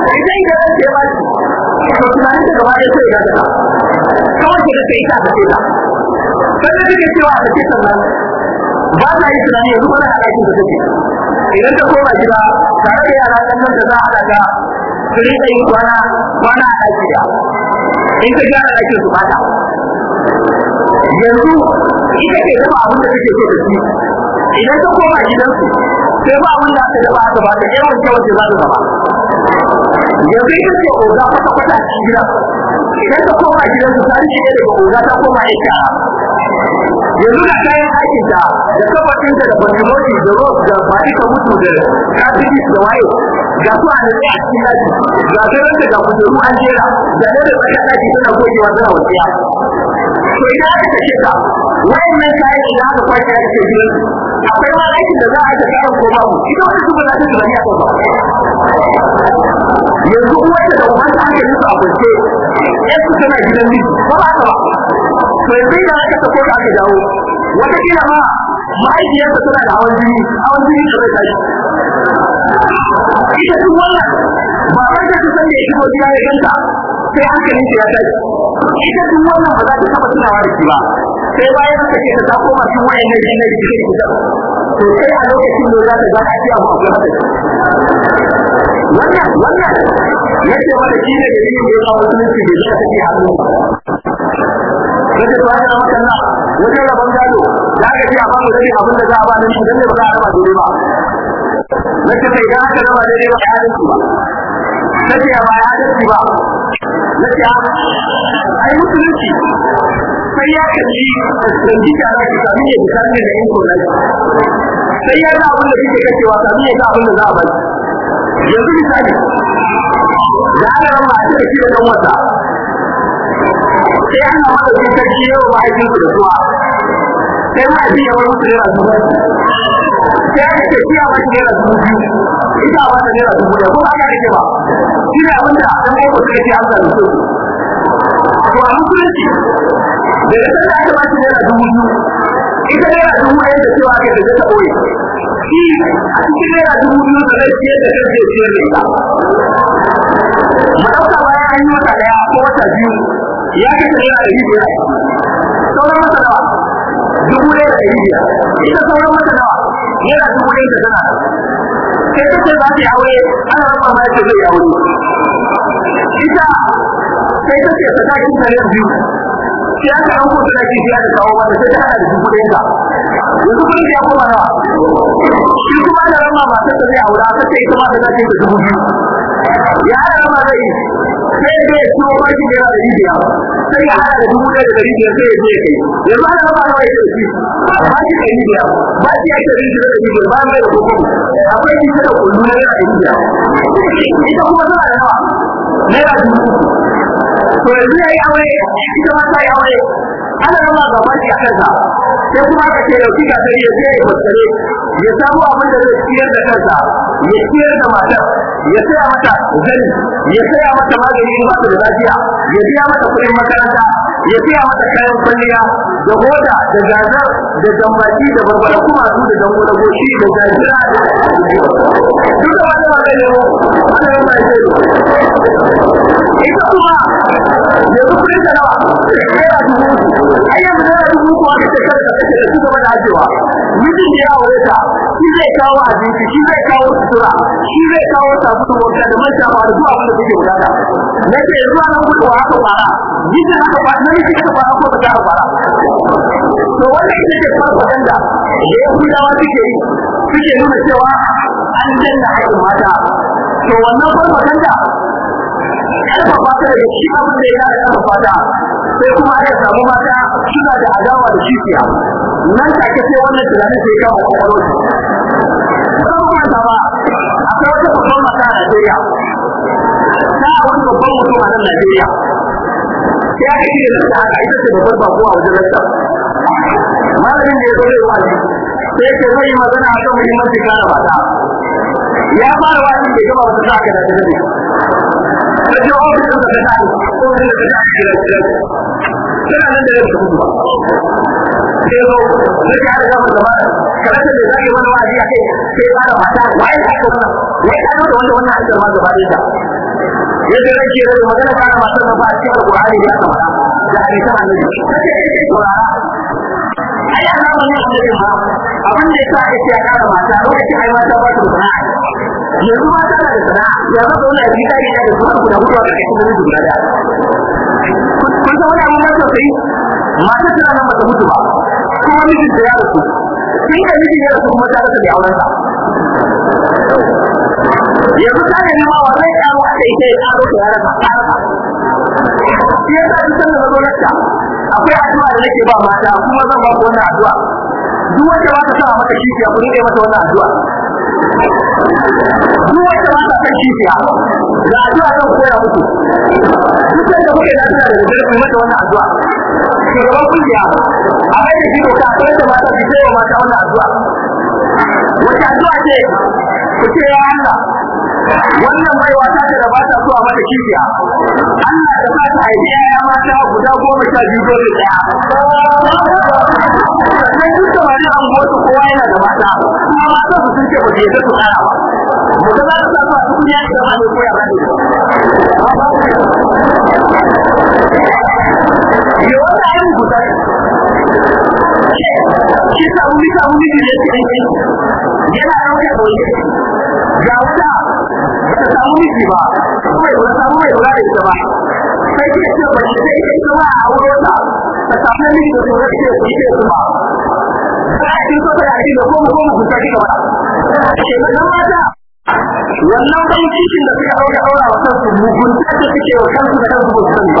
你这个是吧？说新疆这个玩意儿谁干的？说这个谁干的？kan da take cewa a cikin sallah ba ta yi tunani yanzu ba a aikin da take idan ta koma gida tare da yara kan nan da za a daga su rika yin kwana kwana a ɗaki in ka gyara ɗakin su bata yanzu ita ke dafa abin da take so da shi idan ta koma gidansu sai ba abin da aka dafa aka ba ta yawan yawan da za ta zama yanzu ita ce oga kwata-kwata a cikin gida idan ta koma gidansu ta rike da oga ta koma ya yanzu na kayan aikin ta da tabbacin da banimoji da rof da bari ka mutu da kafiri da waye ga su an yi a da daji ga garin da ga kujeru an jera da ne da tsakar daji suna gogewa tana wasiya to ina aka kashe ta wayannan kayan idan ka kwace aka ce gidan akwai wani aikin da za a ta kayan ko ku ita wata su ba za ta ji a kan yanzu uwarta da uban ta aka yi su a kwance yanzu tana gidan miji ba ba ta ba Mai yanzu da aka sako da aka dawo wata kila ma ma'aikiyarsa tana da hawan jini hawan jini da zai tashi ita duk wannan ba kai ta san da shigo gida ya ganta sai hankalin shi ya tashi ita duk wannan ba za ta taba tunawa da shi ba sai bayan ta ce ta koma cikin wayan nan jini da shi da to sai a lokacin da za ta ga a ciya ba ta wannan wannan yace wanda shi ne da yake da wasu mutum da ya tafi hannu rage ba da makalla wajen rabon gado za ka ji a da mutum abin da za a ba da shi don ne ba za a raba dole ba nake sai da aka raba dole ba ya dace ba nake ba ya dace ba Na nake ai mutunci sai ya kalli dan gida da ka sami ya bisani da yin kullai sai ya ga abin da kike kacewa sami ya ga abin da za a ba yanzu misali da aka raba a cikin da wata sai an hawa da sarki yau ba ku da kuma sai ma ji yawan mutu ne rasu sai aka ce kiya wani ne rasu biyu ita wata ne rasu biyu ko haka ne ba shi ne abinda an yi mutu ne ke an zaru su to a musulunci da ya san aka ba shi ne rasu biyu ita ne rasu biyu yadda cewa ake da ta ɓoye shi a cikin ne rasu biyu da zai ce da zai ce ne ba. Mu ɗauka bayan an yi wata ɗaya ko wata biyu ya kai naira da biyar sauran masa nawa dubu ɗaya da ɗari biyar ita sauran masa nawa naira dubu ɗaya da tana sai ta ce za ta yi aure ana rama ma ce zai yi aure ita sai ta ce ta kashi ta yin biyu sai aka ɗauko ta kashi biya da kawo mata sai ta hada da dubu ɗaya yanzu kun ya kuma nawa shi kuma da rama ba ta zai aura ta ce ita ma ta kashi ta dubu biyu ya rama zai yi sai dai ya ciwo farki da yawa sai ya haɗa da dubu ɗaya da rijiya sai ya je ya kai ba ya ce shi ba shi da rijiya ba ya ce da ba mai da akwai shi da kullu na yana da ita kuma tana da nawa naira dubu to yanzu ya yi aure ita ma ta yi aure ana zama ga a kansa sai kuma aka ce yauki sai ya je ya fassare ya samu abin da zai ciyar da kansa ya ciyar da mata ya saya mata zani ya saya mata magani in ba lafiya ya biya mata kuɗin makaranta ya saya mata kayan kwalliya da hoda da gaza, da jambaki da barbara kuma su da dango da goshi da jajira da duk da wani magani ana zama ya ce ita kuma yanzu kudin ta nawa naira dubu uku ai yanzu naira dubu uku aka ce kar ka kashe da su gaba da ajewa mijin da ya aure ta shi zai kawo abinci shi zai kawo sutura shi zai kawo sabulu wanka da man shafa da duk abin da kuke bukata na ce yanzu ana kudu wa haka fara mijin haka fara na mijin haka fara ko ba ta to wannan ita ce farfaganda da ya kudawa suke suke nuna cewa an danna haƙƙin mata to wannan farfaganda karfafa ta da shi abin da ya karfafa ta sai kuma ya samu mata suna da adawa da kishiya nan ta take sai wannan tunanin sai kawo kwakwalwar kuma ba ta ba akwai wata babban mata a Najeriya ta wani babban mutum a nan Najeriya sai aka yi da ta haka ita ce babbar bakuwa wajen rasta malamin da ya zo zai wani sai ce zai yi magana a kan muhimmanci kare mata ya fara wani da gaba wata sa aka da ta ka je ofishin ka ta ko ka je ka kira kira kana nan da yau ba sai zo da ya ga mun gaba karatu da zai kuma wa'azi a kai sai ba da mata wai ka ko wai ka da wannan wannan aikar ma gaba da yadda nake da magana ba ma san ba a cikin Qur'ani da aka fara da hadisan annabi sai ka ai ana wannan abin da ya sa ake ya kara mata lokacin ai mata ba su sana'a yanzu ba tana da sana'a ya ba ta wani abin da ya da kuma guda da kuma guda guda da kun san abin da sosai mata tana nan ba ta mutu ba kuma mijin da ya rasu sun da mijin ya rasu kuma ta rasa da auren sa yanzu ta ne ma wannan ya mu aro ta rasa ta rasa shi ta duk sanda na zo lakka akwai addu'a da nake ba mata kuma zan ba ku wannan addu'a duk wanda ba ta sa mata kishiya ku ne mata wannan addu'a duk wanda ba ta kan kishiya da addu'a kan koya muku duk da kuke da addu'a da dare mata wannan addu'a shugaban kungiya a kai da shi doka sai da mata su koya mata wannan addu'a wace addu'a ce ku ce ya Allah wannan ta da ba ta so a mata kifiya Allah da ba ta ya guda goma sha biyu dole ɗaya sannan duk da wani an gosu kowa yana da mata amma mata su sun ba su yadda su tsara ba mu ga za sa su ya ce ba ne koya ba ne 去，去上屋里上屋里去，人多一点，人家让位多一点。然后呢，咱上屋里去吧，我们坐上屋里坐那里去吧。谁去谁不去？谁去走啊？我走啊。那上面那个是不是一件一件是吧？哎，听说这两天的货物货物很少，听到了？现在他妈的，我他妈有激情的，这个欧拉欧拉，这是五分钱一件，我穿出来穿不过去吗？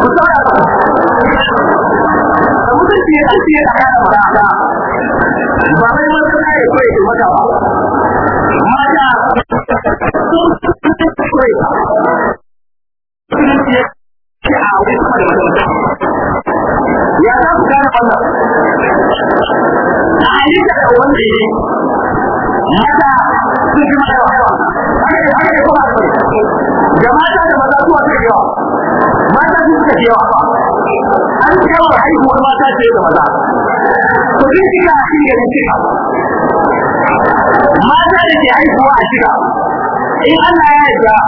不知道啊。mutum shi ya shi ya kasa ba mai wani kuma ya kwaye ke mata ba mata sun kwaye ya za su gane wannan a yi da wanda ya mata sun fi mata yawa haka haka ne kuma su da mata da maza su wasu yawa mata sun suka yawa an yawa haihuwar mata ce da maza to sun shiga a cikin yanzu shiga mata da ke haihuwa a shiga in Allah ya yarda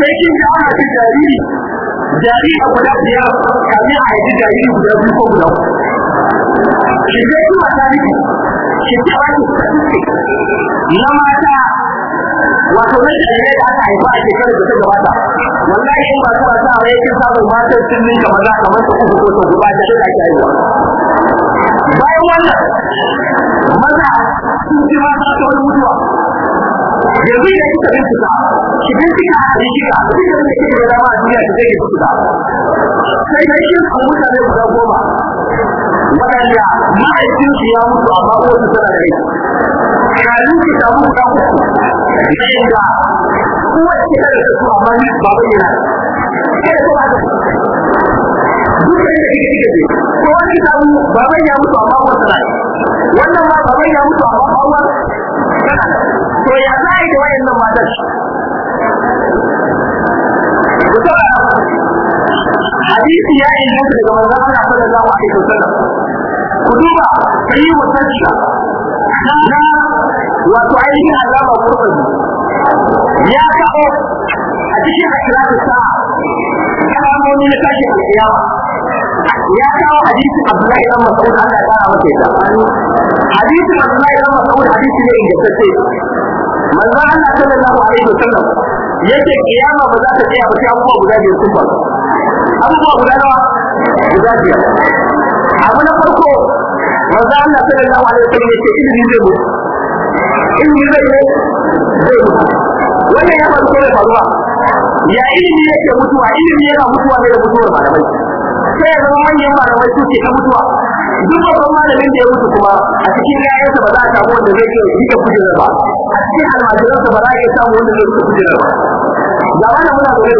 sai kin ga ana cin jariri jariri a guda biyar kafin a jariri guda biyu ko guda uku shi zai kuma tarihi shi ce ba na mata wato na jarirai da aka haifa a shekarar da ta gabata wallahi in ba zuwa sa wai kin samu matan sun ninka maza kamar su uku ko su guba da shi ake haihuwa bayan wannan maza sun ji mata ta wani mutuwa yanzu idan kika bincika ki bincika a jikika duk da kike da dama a duniya ki zai bincika sai dai kin samu mutane guda goma waɗanda ma'aikinsu ya mutu amma uwarsu tana da rai marayu ki samu guda uku da yadda uwa ki da su amma ni ba bai yana ke da kuma duk da yake kike ko wani samu baban ya mutu amma ko tsara wannan ma baban ya mutu amma Allah to ya sai da wayannan matan hadisi ya inganta daga manzon Allah sallallahu alaihi wasallam ku duba sai mu tsaya wato ainihin alama kurkuzi ya kawo a cikin akiratu sa'a alamomi na tashi alkiyama ya kawo hadisin Abdullahi ya fara masa ita hadisin Abdullahi dan Mas'ud hadisi ne ingantacce manzo Allah sallallahu alaihi wasallam yake kiyama ba za ta tsaya ba sai abubuwa guda biyu sun faru abubuwa guda nawa guda biyar abu na farko manzo Allah sallallahu alaihi wasallam ilimi ilimi zai ne zai wannan ya faru ko faruwa ya ilimi yake mutuwa ilimi yana mutuwa ne da mutuwar malamai sai ya zama manyan malamai su ke ta mutuwa duk wata malamin da ya mutu kuma a cikin yayansa ba za a samu wanda zai iya rike kujerar ba a cikin almajiransa ba za a iya samu wanda zai rike kujerar ba ga wannan muna gobe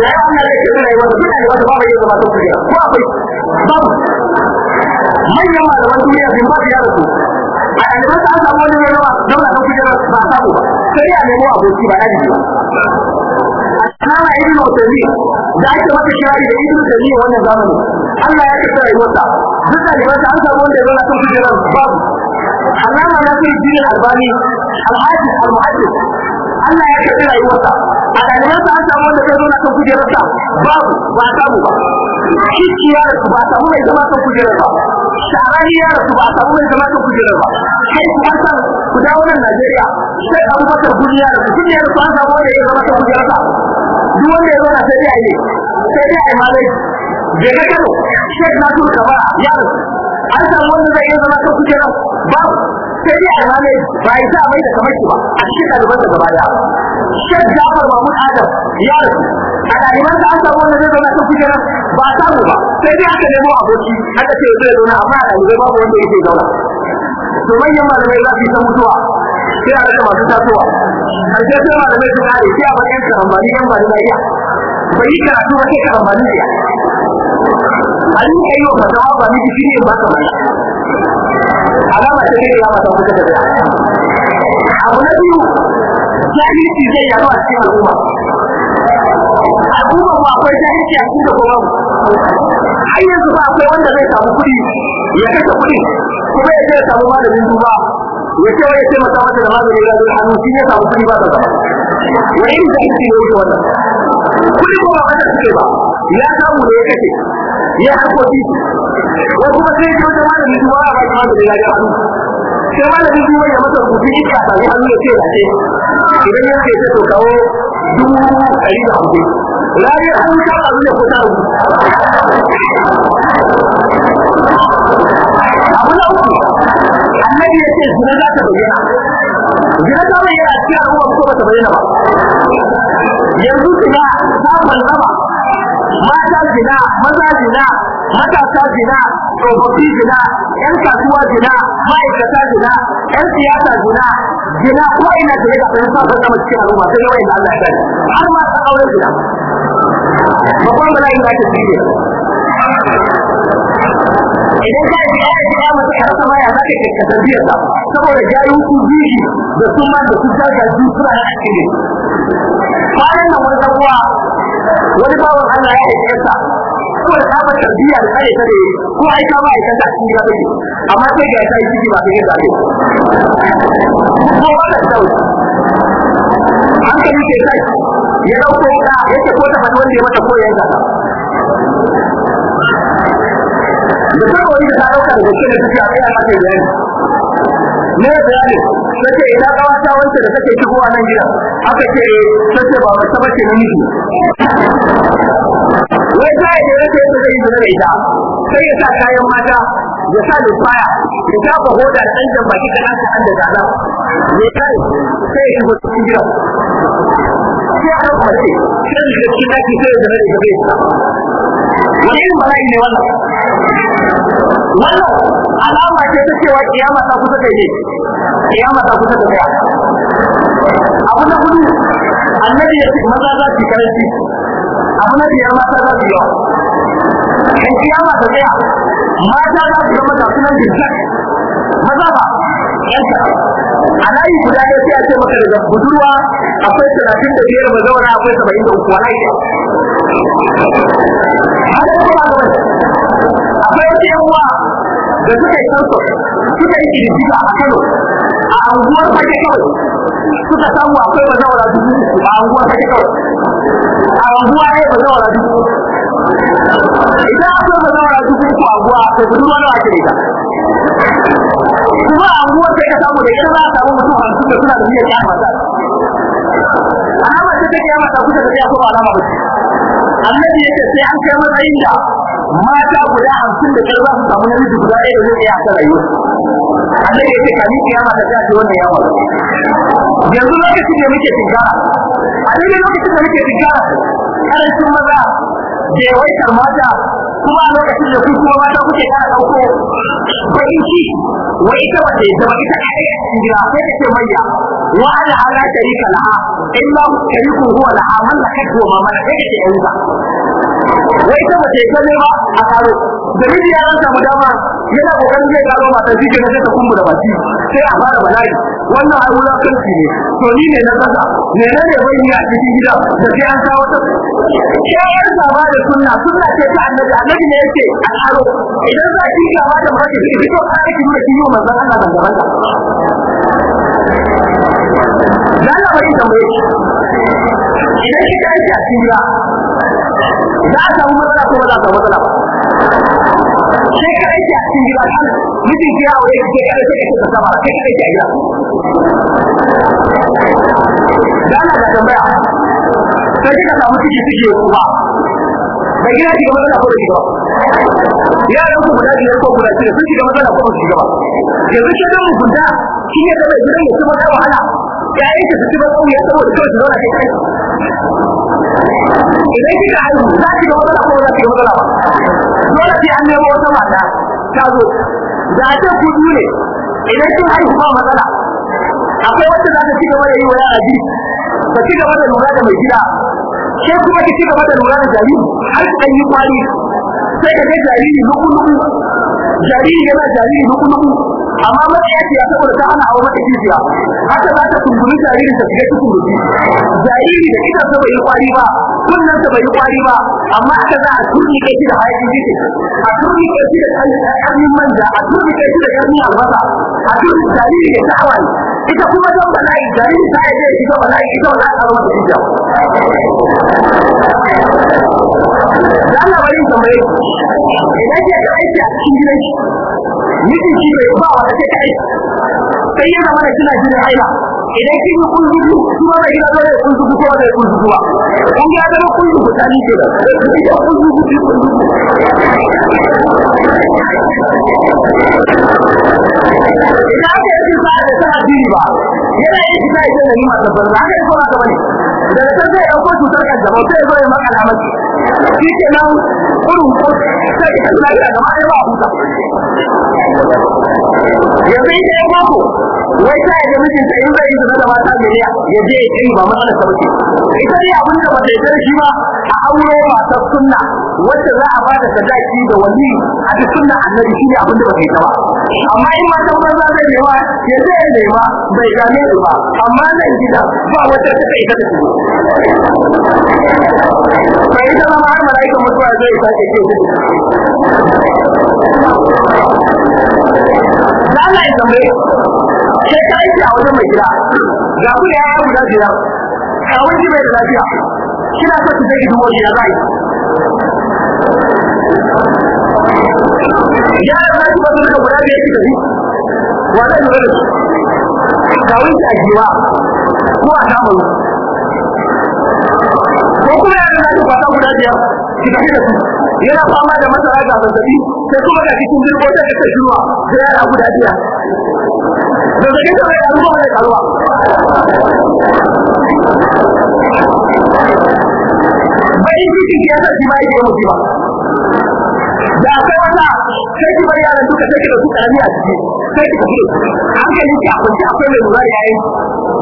da shi da ya wannan da ke nuna yi wata duk wata babu yin zama ta kujera ko akwai babu manyan malaman duniya bin ba yara rasu a ɗaliban sa an samu wani mai yawa zauna kan kujerar ba a samu ba sai ya nemo aboki ba ɗalibi ba Kana ibn Utaymi da ake masa kirari da ibn Utaymi wannan zamani Allah ya kasa rayuwarsa duk da ɗaliban sa an samu wanda ya zauna kan kujerar babu Allama na Albani Al-Hafiz Al-Muhaddis Allah ya kasa rayuwarsa a ɗaliban sa an samu wanda ya zauna kan kujerar babu ba samu ba kiki ya rasu ba samu mai zama kan kujerar ba sharani ya rasu ba samu mai zama kan kujerar ba kai kuma san ku dawo nan Najeriya sai Abubakar Guri ya rasu kiki ya rasu an samu wanda ya zama kan kujerar ba duk wanda ya zauna sai dai a ayi sai dai a ayi malai je ka kano Sheikh Nasir Kabara ya rasu an samu wanda zai iya zama kan kujerar ba sai dai a yi malai ba a yi sa mai da kamar shi ba a cikin ɗalibansa gaba ɗaya shek jafar mun adam ya rasu a ɗaliban sa an samu wanda zai zauna kan kujerar ba a samu ba sai dai aka nemo aboki aka ce zai zauna amma a ɗalibai babu wanda yake zauna to manyan malamai za su yi ta mutuwa sai a rasa masu tasowa karshe sai malamai su kare sai a bakin karambani yan ba da iya bai yi karatu ba sai karambani ya an yi kai wa fatawa ba miki shi ne ba ka ba alama ta ne ya mata kuka da abu na biyu jahilci zai yaru a cikin al'umma al'umma ko akwai jahilci a cikin al'umma har yanzu ba akwai wanda zai samu kuɗi ya kashe kuɗi kuma ya ce ya samu malamin duba ya ce wai ya ce masa mata da magani ya zo hannu shi ya samu kuɗi ba ta. zama wani irin jahilci ne wuce wannan kuɗi ko ba kasa suke ba ya samu ne ya kashe ya harkoki ko kuma sai ya ce mata malamin duba ba ta magani ya zo hannu sai malamin duba ya masa rubutu ya ce a sami hannu ya ce ya ce idan ya ce ta to kawo dubu ɗari da hamsin rari a kun kawo abin da ku ta abu na uku annabi ya ce zina za ta bayyana zina ta bayyana a cikin abubuwan ko ba ta bayyana ba yanzu zina ta mallama mata zina maza zina matasa zina tsofaffi zina yan kasuwa zina ma'aikata zina yan siyasa zina zina kuma ina da yadda ɗan sabon zama cikin al'umma sai yawa ina Allah ya har ma ta aure zina babban bala'in da ake cikin idan ka yi ya yi ya mace ya sama ya zaka ke kasabiyar sa saboda ya yi ku bishi da su ma da su jaja su suna na ake ne bayan nan wani sabuwa wani bawan Allah ya aiki yasa ko ya kama tarbiyya da kare ta da ko ai kama ai kanta cikin gida take amma sai ga sai ciki ba sai zabe ko wannan sau hankali ke sai ya dauko ka yake ko ta fata wanda ya mata koyan ka da kawai da ta dauka da gaske da take a kai a kai me ya tsaya ne sace ina kawata wancan da take shigowa nan gida aka ce sace eh, ba wata bace miji. wai ta sai da yake da zai da ita sai ya sa kayan mata ya sa da faya ya ta ko hoda dan baki kana ta da gala ne kai sai ya shigo cikin gida sai aka ce sai da shi take sai da zai da wani irin bala'i ne wannan wannan alama ce ta cewa kiyama ta kusa ta ne kiyama ta kusa ta tsaya abu na hudu annabi ya ce maza za su karanci abu na biyar mata za su yawa in kiyama ta tsaya mata za su zama ga sunan jirgin maza ba a layi guda ne sai a ce maka daga budurwa akwai talatin da biyar mazauna akwai saba'in da uku wala ita akwai wata yawa da suka yi sanso suka yi kirjiga a kano a anguwar fage kawai suka samu akwai mazauna dubu a anguwar fage kawai a anguwa ne mazauna dubu idan aka ba za a dubu ku anguwa to gudu wani ake da kuma anguwa sai ka samu da ita za a samu mutum hamsin da suna da niyyar ya mata alama ce ta kiyama ta kusa da ya kuma alama ba ce annabi ya ce sai an kai matsayin da mata guda hamsin da kyar za su samu namiji guda ɗaya da zai iya haka rayuwar annabi ya ce kamin kiyama ta ta ce wannan ya mata yanzu lokacin da muke tingara a daidai lokacin da muke tingara karancin maza 给我讲么将。kuma a lokacin da ku kuma mata kuke kara ɗauko? kuɗin ci wai ita wace da ba ita kai a cikin gida sai kace mayya wa ala ala sharika laha illa shariku huwa laha man la kai wa mama sai kace yanzu wai ita wace ta ne ba a karo da ya rasa mu dama yana kokarin zai karo mata shi ke na ta kumbura da baki sai a fara bala'i wannan har wula kanki ne to ni ne na kasa ne ne ne bai ni a cikin gida da sai an sa wata ke yar saba da sunna sunna ce ta annabi annabi ne yake a idan za ki ga ba mace ki fito ka ki nuna ki yi manzon Allah da gaban ka Allah bai tambaye idan kika yi a za a samu matsala ko ba za a samu matsala ba sai ka yi a tsira mijin ki yawo ya ce kai sai ka saba ka yi a gida dan tambaya sai kika samu ciki ciki kuma mai gida shiga matsala ko da shiga yaran ku guda biyar ko guda shida sun shiga matsala ko su shiga yanzu shi dan guda shi ne kawai gidan ya ci mata wahala yayin da su ci ba kauye saboda kawai su zauna kai idan kika haihu za ki ga matsala ko za ki ga matsala dole sai an nemo wata mata ta zo da ta kudu ne idan kin haihu ba matsala akwai wacce za ta ci gaba da yi wa yara biyu ka ci gaba da lura da mai gida ke kuma ki ci gaba da lura da jariri har ki yi kwali sai ka ga jariri nuku nuku jariri yana jariri nuku nuku amma mace ya ce ya saboda ta ana hawa mata kijiya haka za ta kumburi jaririn ta shiga cikin rufi jariri da kika sa bai kwali ba kunnan sa bai kwali ba amma haka za a turni kai shi da hayakin jiki a turni kai shi da hannun manja a turni kai shi da hannun albasa a turni jariri da sha'awa ne ita kuma don bala'i gari ta yi zai shiga bala'i ita wala ta zama da hijab da Allah bari in tambaye idan ke da aiki a cikin gidan shi mijin shi ba wata ce sai yana mana cina jira aila idan kin yi kun zuzu kuma bai gida dole kun zuzu ko bai kun zuzu ba kun ga da kun zuzu ta ni ke da kun zuzu da ake yi kisa da sa addini ba yana yin kisa ya da ni masu banza haka yi kuma ta bane da ta zai ɗauko cutar kanjamau sai ya zo ya maka alamaki shi ke nan kurin kusa sai da lafiya da ma'ai ba huta Ya ita ya mako wai ta ya mijin ta in zai yi zama da mata gariya ya je ya kai ba matsalar ta bace ita ne abin da bata yarda shi ba a aure matar sunna wacce za a bada sadaki da wani a da sunna annabi shi ne abin da bata yarda ba amma in ma san banza zai nema ya je ya nema bai gane su ba amma ji gida ba wacce ta kai ta bai ita ma har mala'ikan mutuwa zai sake ce da Allah ya tambaye sai ka aiki a wajen mai gida ga ku da yaya guda biyar kawai ji bai da lafiya kina so ki zai dubo gida zai ya da zai ba duka guda biyar ki gari wa zai lura da su kawai ki a giwa ko a samun kuma yana da kwata guda biyar ki tafi da su yana fama da masara da zazzabi sai kuma ga cikin jirgo ta ta shiruwa sai yana guda biyar zazzabi ta mai karuwa mai karuwa bayan cikin ya sa shi ba yake mutu ba da akwai wata sai ki bari yaran duka sai ki da su karami a ciki sai ki tafi hankali ki akwai akwai mai lura da yayin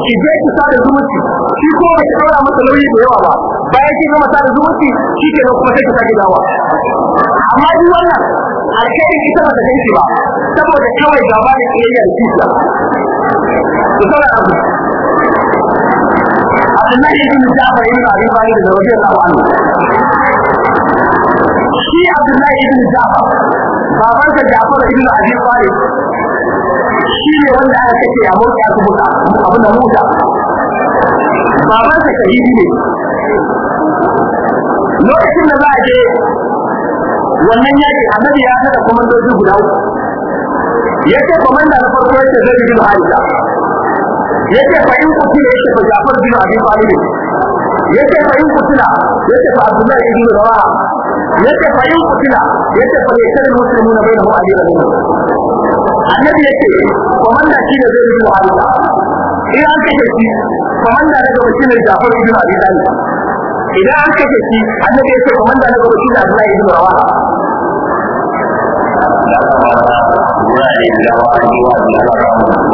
ki je ki sa da zumunci shi ko bai tsora masa nauyi da yawa ba bayan kin gama sada zumunci shi ke kuma sai ka sake dawa amma duk wannan alkhairin ita ba ta kai ba saboda kawai gaba da kiyayya da kisa to sai abu Abdullahi ibn Ja'far ibn Abi Talib da radiyallahu anhu shi Abdullahi ibn Ja'far baban sa Ja'far ibn Abi Talib shi ne wanda aka ce a mota abin da mota baban sa shahidi ne lokacin da za a je wannan yaki annabi ya tada komandoji guda uku ya ce komanda na farko ya ce zai bin harisa ya ce fa in kuti ya ce fa jafar bin abi talib ya ce fa in kutila ya ce fa abdullahi ibn rawaha ya ce fa in kutila ya ce fa yakal muslimuna bainahu ali radhiyallahu annabi ya ce komanda shi ne zai bin harisa in an kashe shi komanda na gaba shi ne Jafar ibn Abi Talib idan an kashe shi annabi ya komanda na gaba shi ne ibn Rawaha wurare da yawa an yi wa da yawa ba ba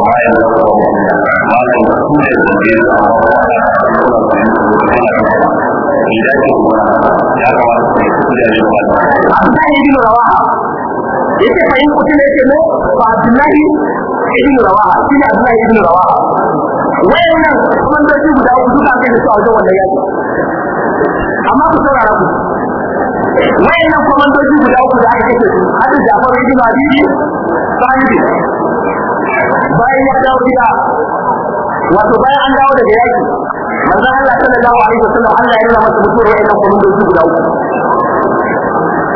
ba ya da ba ba da su ne da ke da ba idan ke kuma ya kamata su ne su da yawa an ta yi rawa yake fahimta ne ke ne ba Abdullahi ibn rawaha shi ne abdullahi ibn rawaha wayannan bandoji guda uku duka kai su a wajen wannan yaki amma ku saurara ku wayannan kwamandoji guda uku da aka kashe su hadin jafar ibn abi talib bayan ya dawo gida wato bayan an dawo daga yaki manzo Allah sallallahu alaihi wasallam Allah ya nuna masa mutuwar wayannan kwamandoji guda uku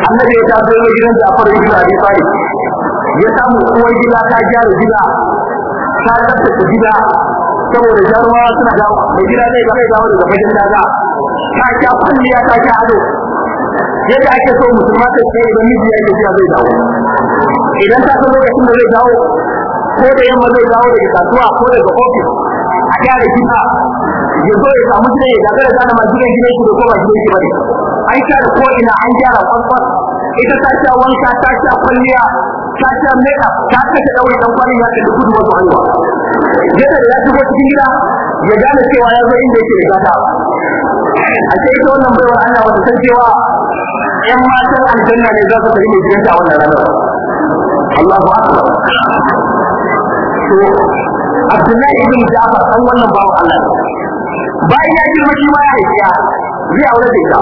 annabi ya tafi gidan Ja'far ibn Abi Talib ya samu uwar gida ta gyara gida ta tsaftace gida saboda jarumawa suna da mai gida zai ga zai dawo daga fagen daga ta sha kwalliya ta sha ado yadda ake so musulma ta ce idan miji ya gida zai dawo idan ta san lokacin da zai dawo ko da yamma zai dawo daga kasuwa ko daga ofis a gyara gida ya zo ya samu gidan ya gagara gane ma gidan gidan shi da kuma gidan shi bane an share ko ina an gyara kwakwal, ita ta sha wanka ta sha kwalliya ta sha makeup ta kashe daure dan kwanin ya tafi gudu wasu hanya yadda da ya shigo cikin gida ya gane cewa ya zo inda yake da gata a ce ita wannan baiwa Allah wata san cewa ƴan matan aljanna ne za su tafi mai gidanta a wannan ranar Allahu akbar to Abdullahi ibn Ja'far dan wannan bawan Allah bayan ya girma shi ma ya haifiya zai aure da ita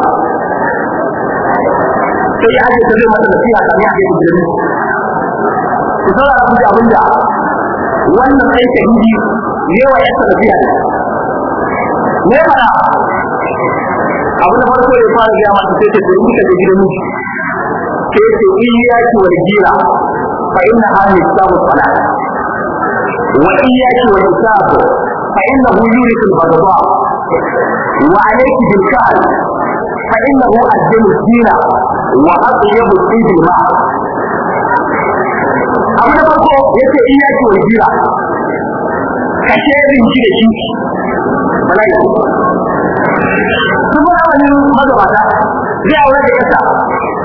sai ya ake zai mata nasiha kan ya ake gudunar ku saurara ku ji abin da wannan sai ta yi yawa ya nasiha ne mana abin da farko ya fara gaya mata sai ta ce in ka je gidan miji sai ta iyaki wal gira fa inna hadhihi sabu salat wa iyaki wal isab fa innahu yuriku al-baghdha وعليك بالكعب فإنه أجل الدين وأطيب الإجماع abu na farko ya ce iya ce wa jira ka shirin shi da shi bala'i kuma wani mazabata zai aure da yasa